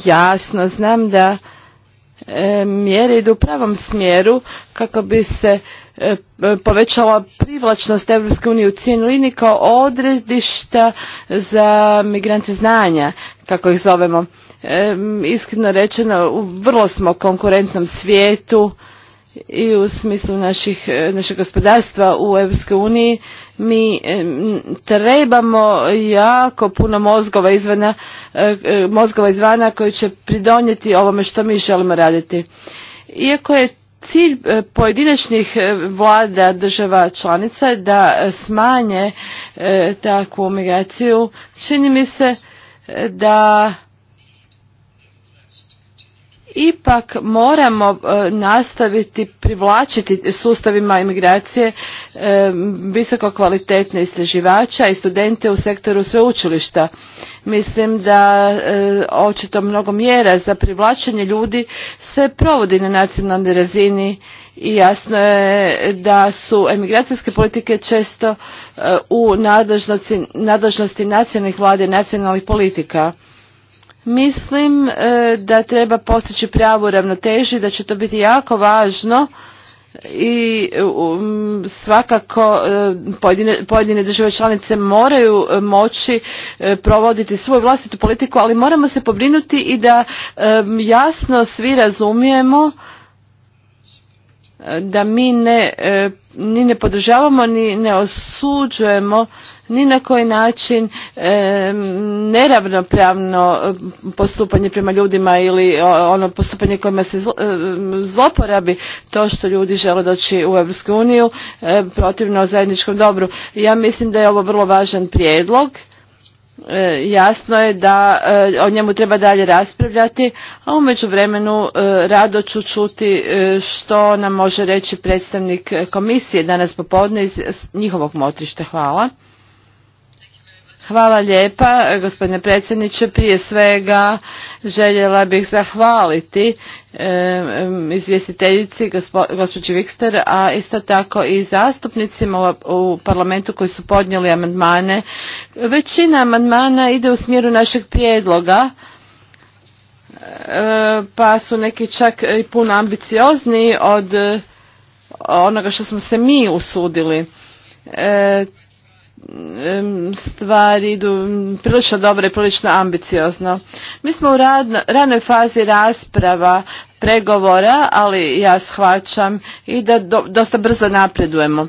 jasno znam da e, mjere idu u pravom smjeru kako bi se povećala privlačnost Europske unije u i kao odredišta za migrante znanja, kako ih zovemo. Iskreno rečeno, u vrlo smo konkurentnom svijetu, i u smislu e, našeg gospodarstva u Europskoj uniji mi e, trebamo jako puno mozgova izvana, e, mozgova izvana koji će pridonijeti ovome što mi želimo raditi. Iako je cilj pojedinačnih vlada država članica da smanje takvu migraciju, čini mi se da ipak moramo e, nastaviti privlačiti sustavima imigracije e, visoko kvalitetne istraživača i studente u sektoru sveučilišta. Mislim da e, očito mnogo mjera za privlačenje ljudi se provodi na nacionalnoj razini i jasno je da su emigracijske politike često u nadležnosti, nadležnosti nacionalnih vlade i nacionalnih politika Mislim e, da treba postići pravu ravnoteži, da će to biti jako važno i svakako e, pojedine, pojedine države članice moraju moći e, provoditi svoju vlastitu politiku, ali moramo se pobrinuti i da jasno svi razumijemo da mi ne, e, ni ne podržavamo ni ne osuđujemo ni na koji način e, neravnopravno e, postupanje prema ljudima ili ono postupanje kojima se zloporabi to što ljudi žele doći u Europsku uniju protivno zajedničkom dobru. Ja mislim da je ovo vrlo važan prijedlog E, jasno je da e, o njemu treba dalje raspravljati, a umeđu vremenu e, rado ću čuti što nam može reći predstavnik komisije danas popodne iz njihovog motrišta. Hvala. Hvala lijepa, gospodine predsjedniče. Prije svega željela bih zahvaliti izvjestiteljici gospođi Vikster, a isto tako i zastupnicima u, parlamentu koji su podnijeli amandmane. Većina amandmana ide u smjeru našeg prijedloga, e, pa su neki čak i puno ambiciozniji od onoga što smo se mi usudili. E, stvari idu prilično dobro i prilično ambiciozno. Mi smo u ranoj fazi rasprava pregovora, ali ja shvaćam i da dosta brzo napredujemo.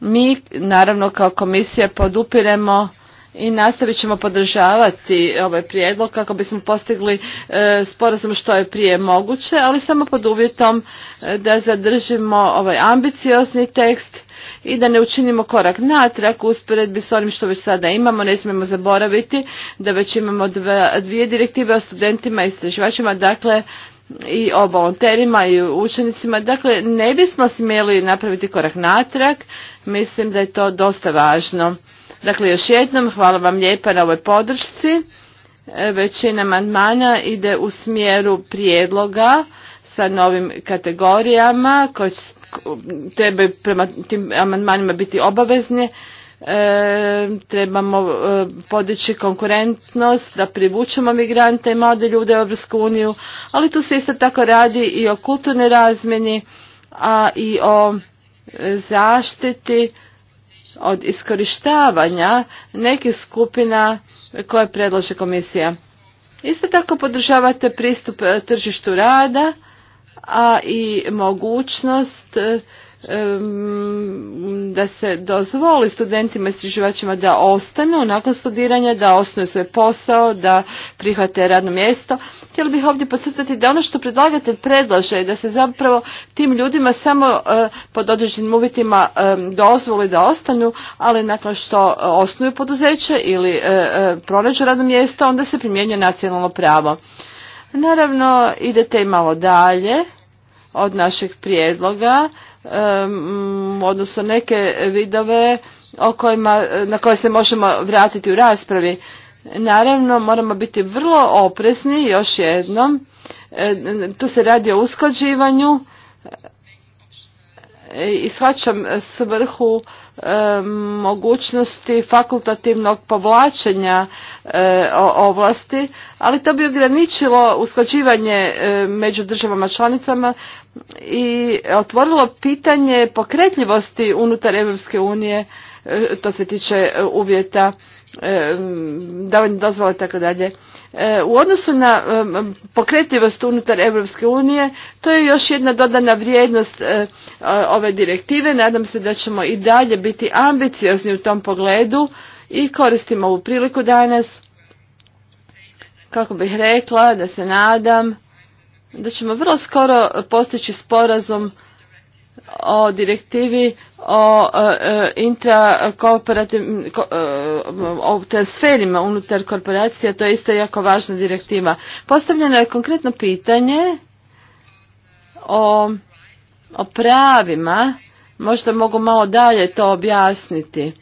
Mi, naravno, kao komisija podupiremo i nastavit ćemo podržavati ovaj prijedlog kako bismo postigli e, sporazum što je prije moguće, ali samo pod uvjetom e, da zadržimo ovaj ambiciozni tekst i da ne učinimo korak natrag usporedbi s onim što već sada imamo. Ne smijemo zaboraviti da već imamo dvije direktive o studentima i istraživačima, dakle i o volonterima i učenicima. Dakle, ne bismo smjeli napraviti korak natrag. Mislim da je to dosta važno. Dakle, još jednom hvala vam lijepa na ovoj podršci. E, većina amandmana ide u smjeru prijedloga sa novim kategorijama koje trebaju prema tim amandmanima biti obavezni e, trebamo e, podići konkurentnost, da privučemo migrante i mlade ljude u Evropsku uniju, ali tu se isto tako radi i o kulturnoj razmjeni, a i o zaštiti od iskorištavanja nekih skupina koje predlaže komisija. Isto tako podržavate pristup e, tržištu rada a i mogućnost da se dozvoli studentima i istraživačima da ostanu nakon studiranja, da osnuju svoj posao, da prihvate radno mjesto. Htjela bih ovdje podcrtati da ono što predlagatelj predlaže da se zapravo tim ljudima samo e, pod određenim uvjetima dozvoli da ostanu, ali nakon što e, osnuju poduzeće ili e, pronađu radno mjesto, onda se primjenjuje nacionalno pravo. Naravno, idete i malo dalje od našeg prijedloga, odnosno neke vidove o kojima, na koje se možemo vratiti u raspravi. Naravno, moramo biti vrlo oprezni, još jednom, tu se radi o usklađivanju e, i shvaćam svrhu E, mogućnosti fakultativnog povlačenja e, ovlasti, ali to bi ograničilo usklađivanje e, među državama članicama i otvorilo pitanje pokretljivosti unutar Europske unije, to se tiče uvjeta davanje dozvola i tako dalje. E, u odnosu na pokretljivost unutar Europske unije, to je još jedna dodana vrijednost e, ove direktive. Nadam se da ćemo i dalje biti ambiciozni u tom pogledu i koristim ovu priliku danas kako bih rekla da se nadam da ćemo vrlo skoro postići sporazum o direktivi o e, e, intrakooperativnim e, o transferima unutar korporacija, to je isto jako važna direktiva. Postavljeno je konkretno pitanje o, o pravima, možda mogu malo dalje to objasniti.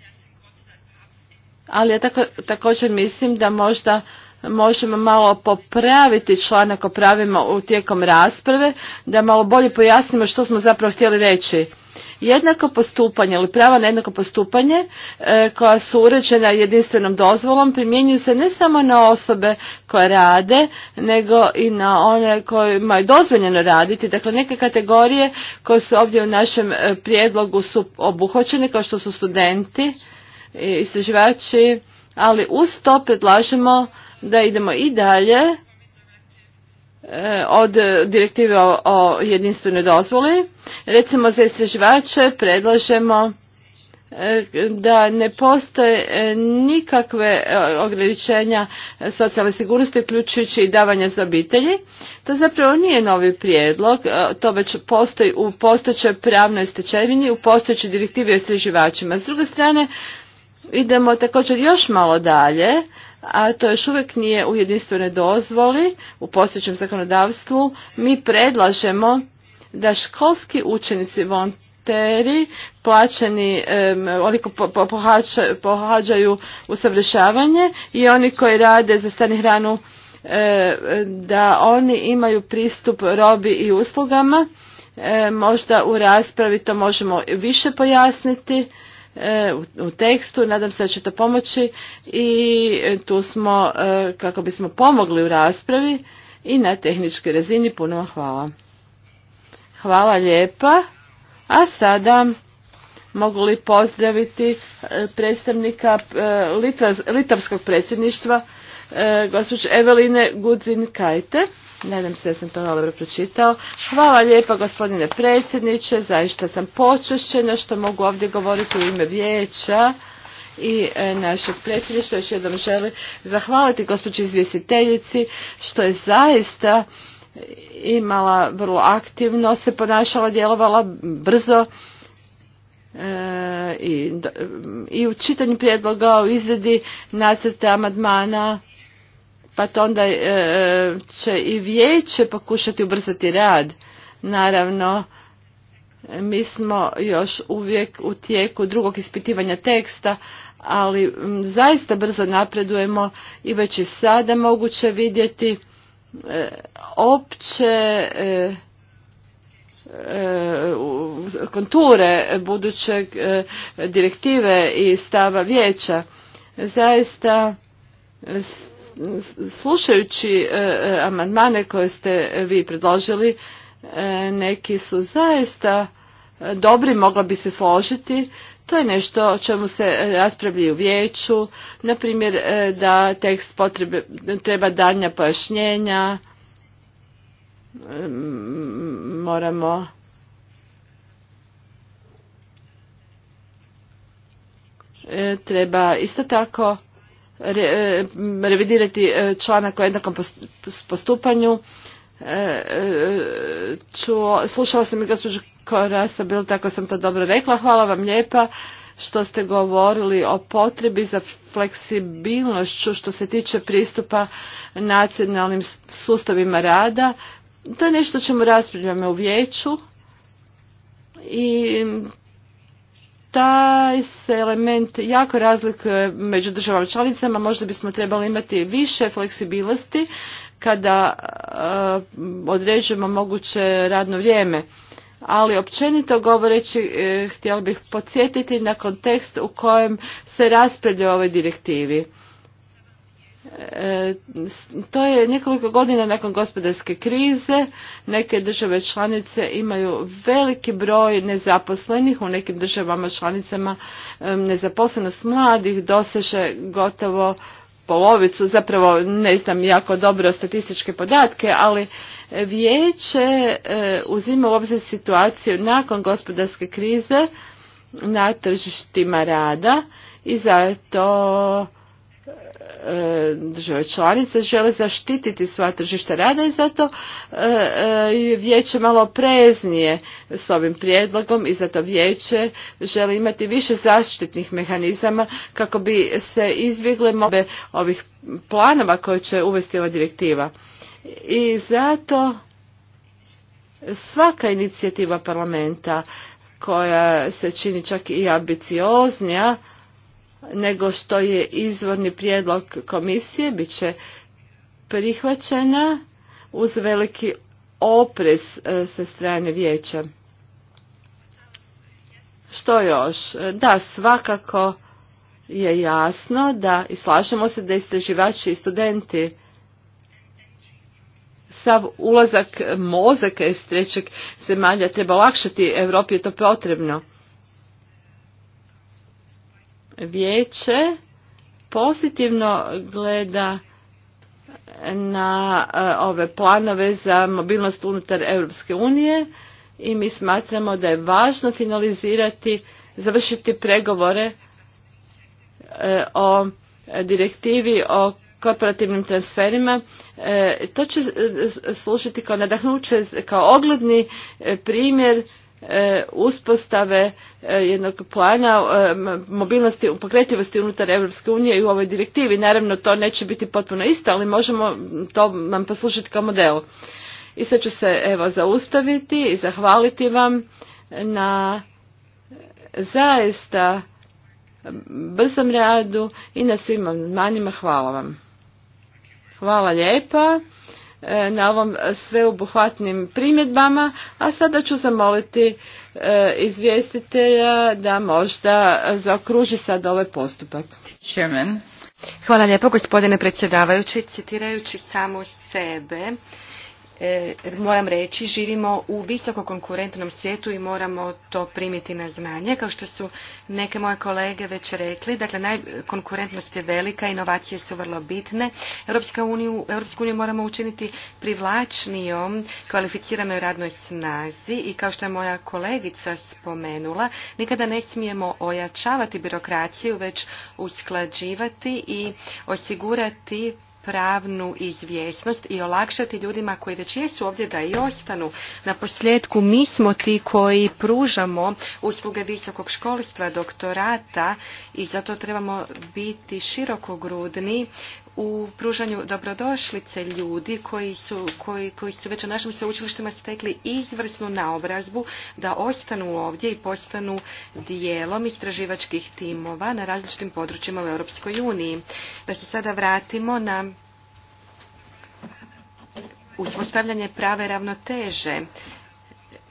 Ali ja također mislim da možda možemo malo popraviti članak o pravima u tijekom rasprave, da malo bolje pojasnimo što smo zapravo htjeli reći. Jednako postupanje ili prava na jednako postupanje e, koja su uređena jedinstvenom dozvolom primjenjuju se ne samo na osobe koje rade, nego i na one kojima je dozvoljeno raditi. Dakle, neke kategorije koje su ovdje u našem e, prijedlogu su obuhvaćene kao što su studenti, istraživači, ali uz to predlažemo da idemo i dalje e, od direktive o jedinstvenoj dozvoli. Recimo za istraživače predlažemo e, da ne postoje e, nikakve ograničenja socijalne sigurnosti, uključujući i davanja za obitelji. To zapravo nije novi prijedlog, to već postoji u postojećoj pravnoj stečevini, u postojećoj direktivi o istraživačima. S druge strane, idemo također još malo dalje, a to još uvijek nije u jedinstvenoj dozvoli u postojećem zakonodavstvu, mi predlažemo da školski učenici volonteri plaćeni, oni koji pohađaju usavršavanje i oni koji rade za stani hranu da oni imaju pristup robi i uslugama. možda u raspravi to možemo više pojasniti E, u tekstu. Nadam se da će to pomoći i e, tu smo e, kako bismo pomogli u raspravi i na tehničkoj razini. Puno vam hvala. Hvala lijepa. A sada mogu li pozdraviti predstavnika Litavskog predsjedništva gospođe Eveline Gudzin-Kajte. Nadam se da sam to dobro pročitao. Hvala lijepa gospodine predsjedniče, zaista sam počešćena što mogu ovdje govoriti u ime vijeća i e, našeg predsjedništva. Još jednom želim zahvaliti gospođi izvjestiteljici što je zaista imala vrlo aktivno, se ponašala, djelovala brzo e, i, u čitanju prijedloga, u izradi nacrta amadmana pa to onda e, će i vijeće pokušati ubrzati rad. Naravno, mi smo još uvijek u tijeku drugog ispitivanja teksta, ali zaista brzo napredujemo i već i sada moguće vidjeti e, opće e, konture budućeg direktive i stava vijeća. Zaista slušajući e, e, amandmane koje ste vi predložili, e, neki su zaista dobri, mogla bi se složiti. To je nešto o čemu se raspravlja u vijeću, na primjer da tekst treba daljnja pojašnjenja, moramo treba isto tako E, revidirati e, članak o jednakom postupanju. E, slušala sam i gospođu Korasa, bilo tako sam to dobro rekla. Hvala vam lijepa što ste govorili o potrebi za fleksibilnošću što se tiče pristupa nacionalnim sustavima rada. To je nešto čemu raspravljamo u vijeću i taj se element jako razlikuje među državama članicama, možda bismo trebali imati više fleksibilnosti kada određujemo moguće radno vrijeme. Ali općenito govoreći e, htjela bih podsjetiti na kontekst u kojem se raspravlja o ovoj direktivi. E, to je nekoliko godina nakon gospodarske krize. Neke države članice imaju veliki broj nezaposlenih. U nekim državama članicama e, nezaposlenost mladih doseže gotovo polovicu. Zapravo ne znam jako dobro statističke podatke, ali vijeće e, uzima u obzir situaciju nakon gospodarske krize na tržištima rada i zato države članice žele zaštititi sva tržišta rada i zato e, e, vijeće malo preznije s ovim prijedlogom i zato vijeće želi imati više zaštitnih mehanizama kako bi se izbjegle mobe ovih planova koje će uvesti ova direktiva. I zato svaka inicijativa parlamenta koja se čini čak i ambicioznija nego što je izvorni prijedlog komisije bit će prihvaćena uz veliki oprez e, sa strane vijeća. Što još? E, da, svakako je jasno da i slažemo se da istraživači i studenti sav ulazak mozaka iz trećeg zemalja treba olakšati Europi je to potrebno vijeće pozitivno gleda na e, ove planove za mobilnost unutar Europske unije i mi smatramo da je važno finalizirati, završiti pregovore e, o direktivi o korporativnim transferima. E, to će služiti kao nadahnuće, kao ogledni primjer E, uspostave e, jednog plana e, mobilnosti u pokretljivosti unutar Europske unije i u ovoj direktivi. Naravno to neće biti potpuno isto, ali možemo to vam poslušati kao model. I sad ću se evo zaustaviti i zahvaliti vam na zaista brzom radu i na svim manjima. Hvala vam. Hvala lijepa. E, na ovom sveobuhvatnim primjedbama, a sada ću zamoliti e, izvjestitelja da možda
zaokruži sad ovaj postupak. Hvala lijepo gospodine predsjedavajući, citirajući samo sebe. E, moram reći, živimo u visoko konkurentnom svijetu i moramo to primiti na znanje. Kao što su neke moje kolege već rekli, dakle, konkurentnost je velika, inovacije su vrlo bitne. Europska Europsku uniju moramo učiniti privlačnijom kvalificiranoj radnoj snazi i kao što je moja kolegica spomenula, nikada ne smijemo ojačavati birokraciju, već usklađivati i osigurati pravnu izvjesnost i olakšati ljudima koji već jesu ovdje da i ostanu. Na posljedku mi smo ti koji pružamo usluge visokog školstva, doktorata i zato trebamo biti širokogrudni u pružanju dobrodošlice ljudi koji su, koji, koji su već u našim sveučilištima stekli izvrsnu naobrazbu da ostanu ovdje i postanu dijelom istraživačkih timova na različitim područjima u Europskoj uniji. Da se sada vratimo na uspostavljanje prave ravnoteže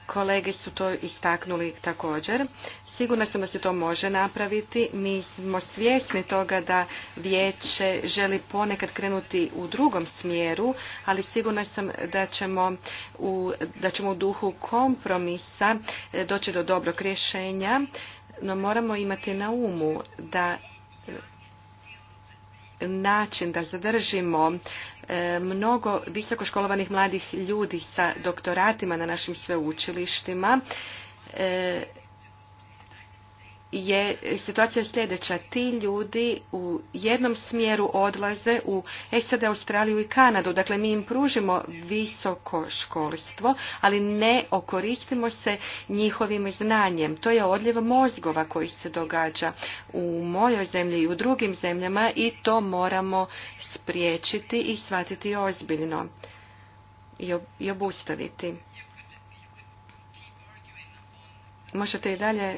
Kolege su to istaknuli također. Sigurna sam da se to može napraviti. Mi smo svjesni toga da vijeće želi ponekad krenuti u drugom smjeru, ali sigurna sam da ćemo u, da ćemo u duhu kompromisa e, doći do dobrog rješenja, no moramo imati na umu da e, način da zadržimo E, mnogo visokoškolovanih mladih ljudi sa doktoratima na našim sveučilištima e, je situacija sljedeća. Ti ljudi u jednom smjeru odlaze u SAD, Australiju i Kanadu. Dakle, mi im pružimo visoko školstvo, ali ne okoristimo se njihovim znanjem. To je odljev mozgova koji se događa u mojoj zemlji i u drugim zemljama i to moramo spriječiti i shvatiti ozbiljno i obustaviti. Možete i dalje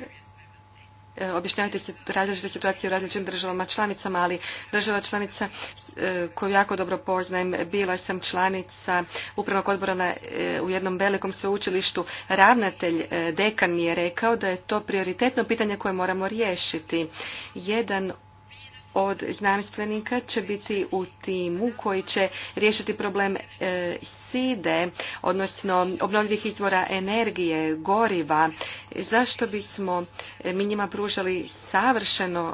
E, objašnjavati različite situacije u različitim državama članicama, ali država članica e, koju jako dobro poznajem, bila sam članica upravnog odbora e, u jednom velikom sveučilištu. Ravnatelj dekan mi je rekao da je to prioritetno pitanje koje moramo riješiti. Jedan od znanstvenika će biti u timu koji će riješiti problem e, side, odnosno obnovljivih izvora energije, goriva. Zašto bismo e, mi njima pružali savršenu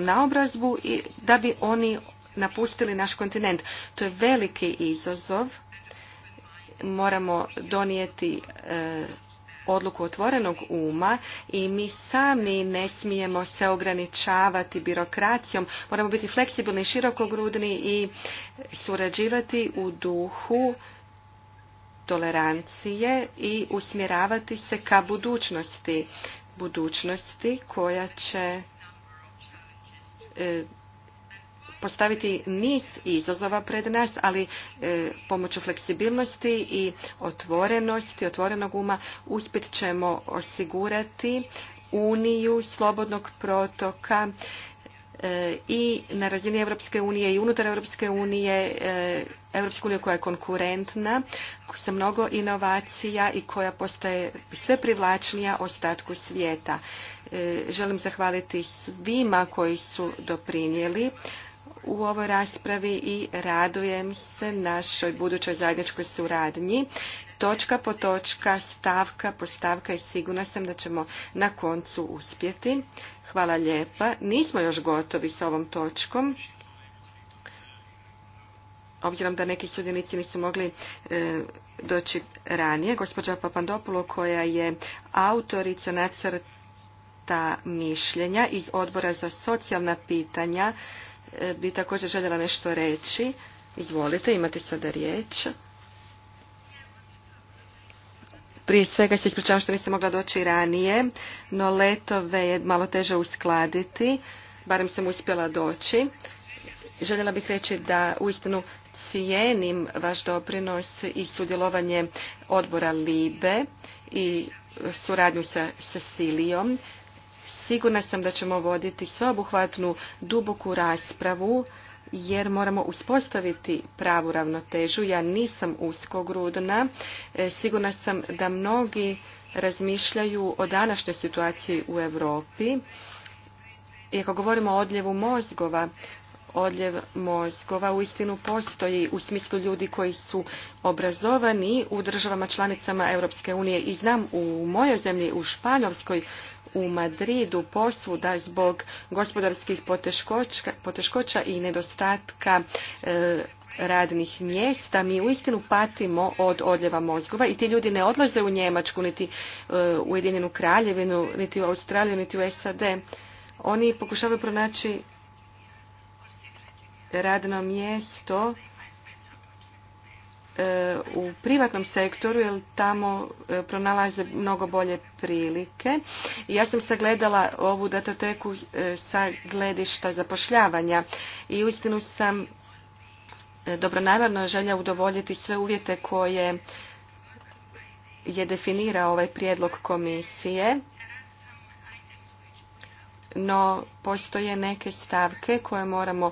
naobrazbu i da bi oni napustili naš kontinent? To je veliki izazov. Moramo donijeti e, odluku otvorenog uma i mi sami ne smijemo se ograničavati birokracijom. Moramo biti fleksibilni i širokogrudni i surađivati u duhu tolerancije i usmjeravati se ka budućnosti. Budućnosti koja će e, postaviti niz izazova pred nas, ali e, pomoću fleksibilnosti i otvorenosti, otvorenog uma uspjet ćemo osigurati uniju slobodnog protoka e, i na razini Europske unije i unutar Europske unije, Evropska unije koja je konkurentna, sa mnogo inovacija i koja postaje sve privlačnija ostatku svijeta. E, želim zahvaliti svima koji su doprinijeli u ovoj raspravi i radujem se našoj budućoj zajedničkoj suradnji. Točka po točka, stavka po stavka i sigurna sam da ćemo na koncu uspjeti. Hvala lijepa. Nismo još gotovi s ovom točkom. Obzirom da neki sudionici nisu mogli e, doći ranije, gospođa Papandopulo koja je autorica nacrta mišljenja iz odbora za socijalna pitanja E, bi također željela nešto reći. Izvolite, imate sada riječ. Prije svega se ispričavam što nisam mogla doći ranije, no letove je malo teže uskladiti, barem sam uspjela doći. Željela bih reći da uistinu cijenim vaš doprinos i sudjelovanje odbora LIBE i suradnju sa Cecilijom. Sigurna sam da ćemo voditi sveobuhvatnu duboku raspravu jer moramo uspostaviti pravu ravnotežu. Ja nisam uskogrudna. E, sigurna sam da mnogi razmišljaju o današnjoj situaciji u Europi. I ako govorimo o odljevu mozgova, odljev mozgova u istinu postoji u smislu ljudi koji su obrazovani u državama članicama Europske unije i znam u mojoj zemlji, u Španjolskoj, u Madridu posvuda zbog gospodarskih poteškoća i nedostatka e, radnih mjesta, mi uistinu patimo od odljeva mozgova i ti ljudi ne odlaze u Njemačku, niti u e, Ujedinjenu kraljevinu, niti u Australiju, niti u SAD. Oni pokušavaju pronaći radno mjesto u privatnom sektoru jer tamo e, pronalaze mnogo bolje prilike. Ja sam sagledala ovu datoteku e, sa gledišta zapošljavanja i uistinu sam e, dobronamjerno želja udovoljiti sve uvjete koje je definirao ovaj prijedlog komisije no postoje neke stavke koje moramo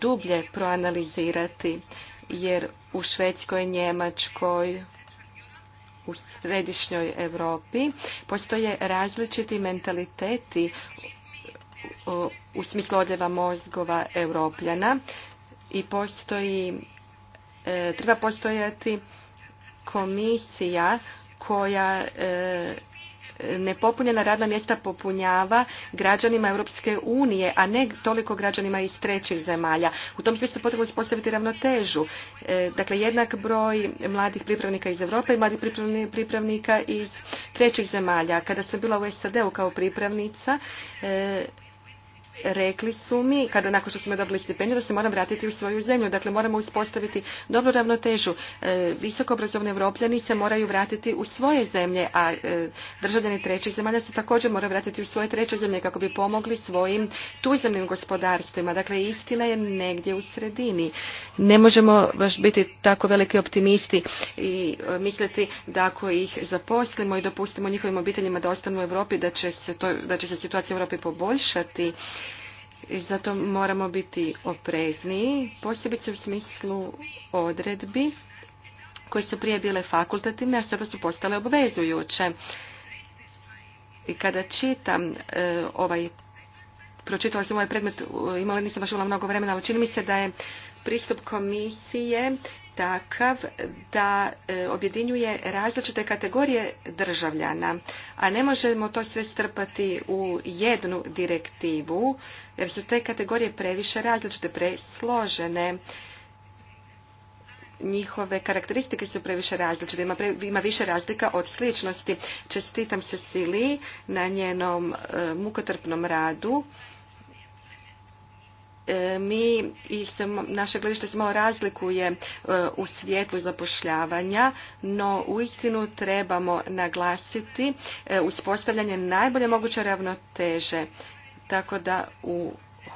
dublje proanalizirati jer u Švedskoj, Njemačkoj, u središnjoj Europi postoje različiti mentaliteti u smislu odljeva mozgova europljana i postoji, e, treba postojati komisija koja e, nepopunjena radna mjesta popunjava građanima Europske unije, a ne toliko građanima iz trećih zemalja. U tom smislu potrebno uspostaviti ravnotežu. E, dakle, jednak broj mladih pripravnika iz Europe i mladih pripravnika iz trećih zemalja. Kada sam bila u SAD-u kao pripravnica, e, rekli su mi, kada nakon što smo dobili stipendiju, da se moram vratiti u svoju zemlju. Dakle, moramo uspostaviti dobru ravnotežu. E, visokoobrazovni evropljani se moraju vratiti u svoje zemlje, a e, državljani trećih zemalja se također moraju vratiti u svoje treće zemlje kako bi pomogli svojim tuzemnim gospodarstvima. Dakle, istina je negdje u sredini. Ne možemo baš biti tako veliki optimisti i e, misliti da ako ih zaposlimo i dopustimo njihovim obiteljima da ostanu u Europi, da će se, da će se situacija u Europi poboljšati. I zato moramo biti oprezniji, posebice u smislu odredbi koje su prije bile fakultativne, a sada su postale obvezujuće. I kada čitam e, ovaj, pročitala sam ovaj predmet, e, imala nisam baš mnogo vremena, ali čini mi se da je pristup komisije takav da e, objedinjuje različite kategorije državljana, a ne možemo to sve strpati u jednu direktivu, jer su te kategorije previše različite, presložene. Njihove karakteristike su previše različite, ima, ima više razlika od sličnosti. Čestitam se Sili na njenom e, mukotrpnom radu E, mi i naše gledište se malo razlikuje e, u svijetu zapošljavanja, no uistinu trebamo naglasiti e, uspostavljanje najbolje moguće ravnoteže. Tako da u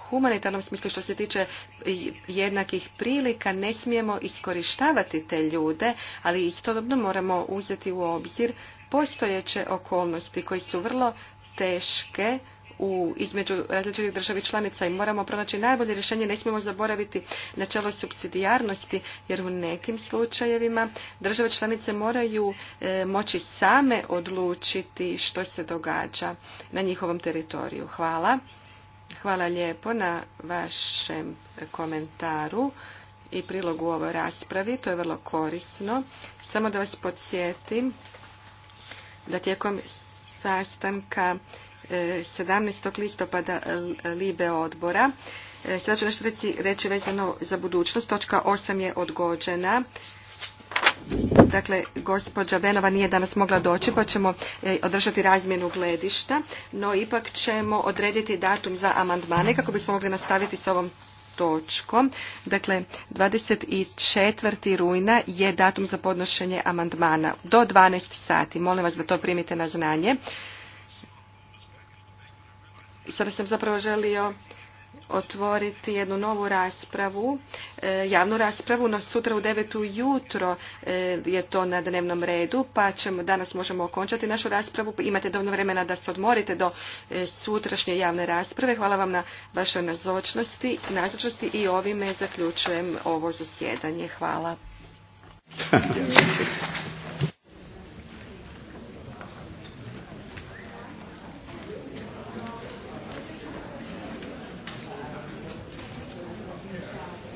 humanitarnom smislu što se tiče jednakih prilika ne smijemo iskorištavati te ljude, ali istodobno moramo uzeti u obzir postojeće okolnosti koji su vrlo teške u, između različitih državi članica i moramo pronaći najbolje rješenje. Ne smijemo zaboraviti načelo subsidijarnosti jer u nekim slučajevima države članice moraju e, moći same odlučiti što se događa na njihovom teritoriju. Hvala. Hvala lijepo na vašem komentaru i prilogu u ovoj raspravi. To je vrlo korisno. Samo da vas podsjetim da tijekom sastanka 17. listopada Libe odbora. E, sada ću nešto reći, vezano za budućnost. Točka 8 je odgođena. Dakle, gospođa Benova nije danas mogla doći, pa ćemo e, održati razmjenu gledišta, no ipak ćemo odrediti datum za amandmane kako bismo mogli nastaviti s ovom točkom. Dakle, 24. rujna je datum za podnošenje amandmana do 12 sati. Molim vas da to primite na znanje sada sam zapravo želio otvoriti jednu novu raspravu, e, javnu raspravu, no sutra u devet jutro e, je to na dnevnom redu, pa ćemo, danas možemo okončati našu raspravu. Imate dovoljno vremena da se odmorite do e, sutrašnje javne rasprave. Hvala vam na vašoj nazočnosti, nazočnosti i ovime zaključujem ovo zasjedanje. Hvala.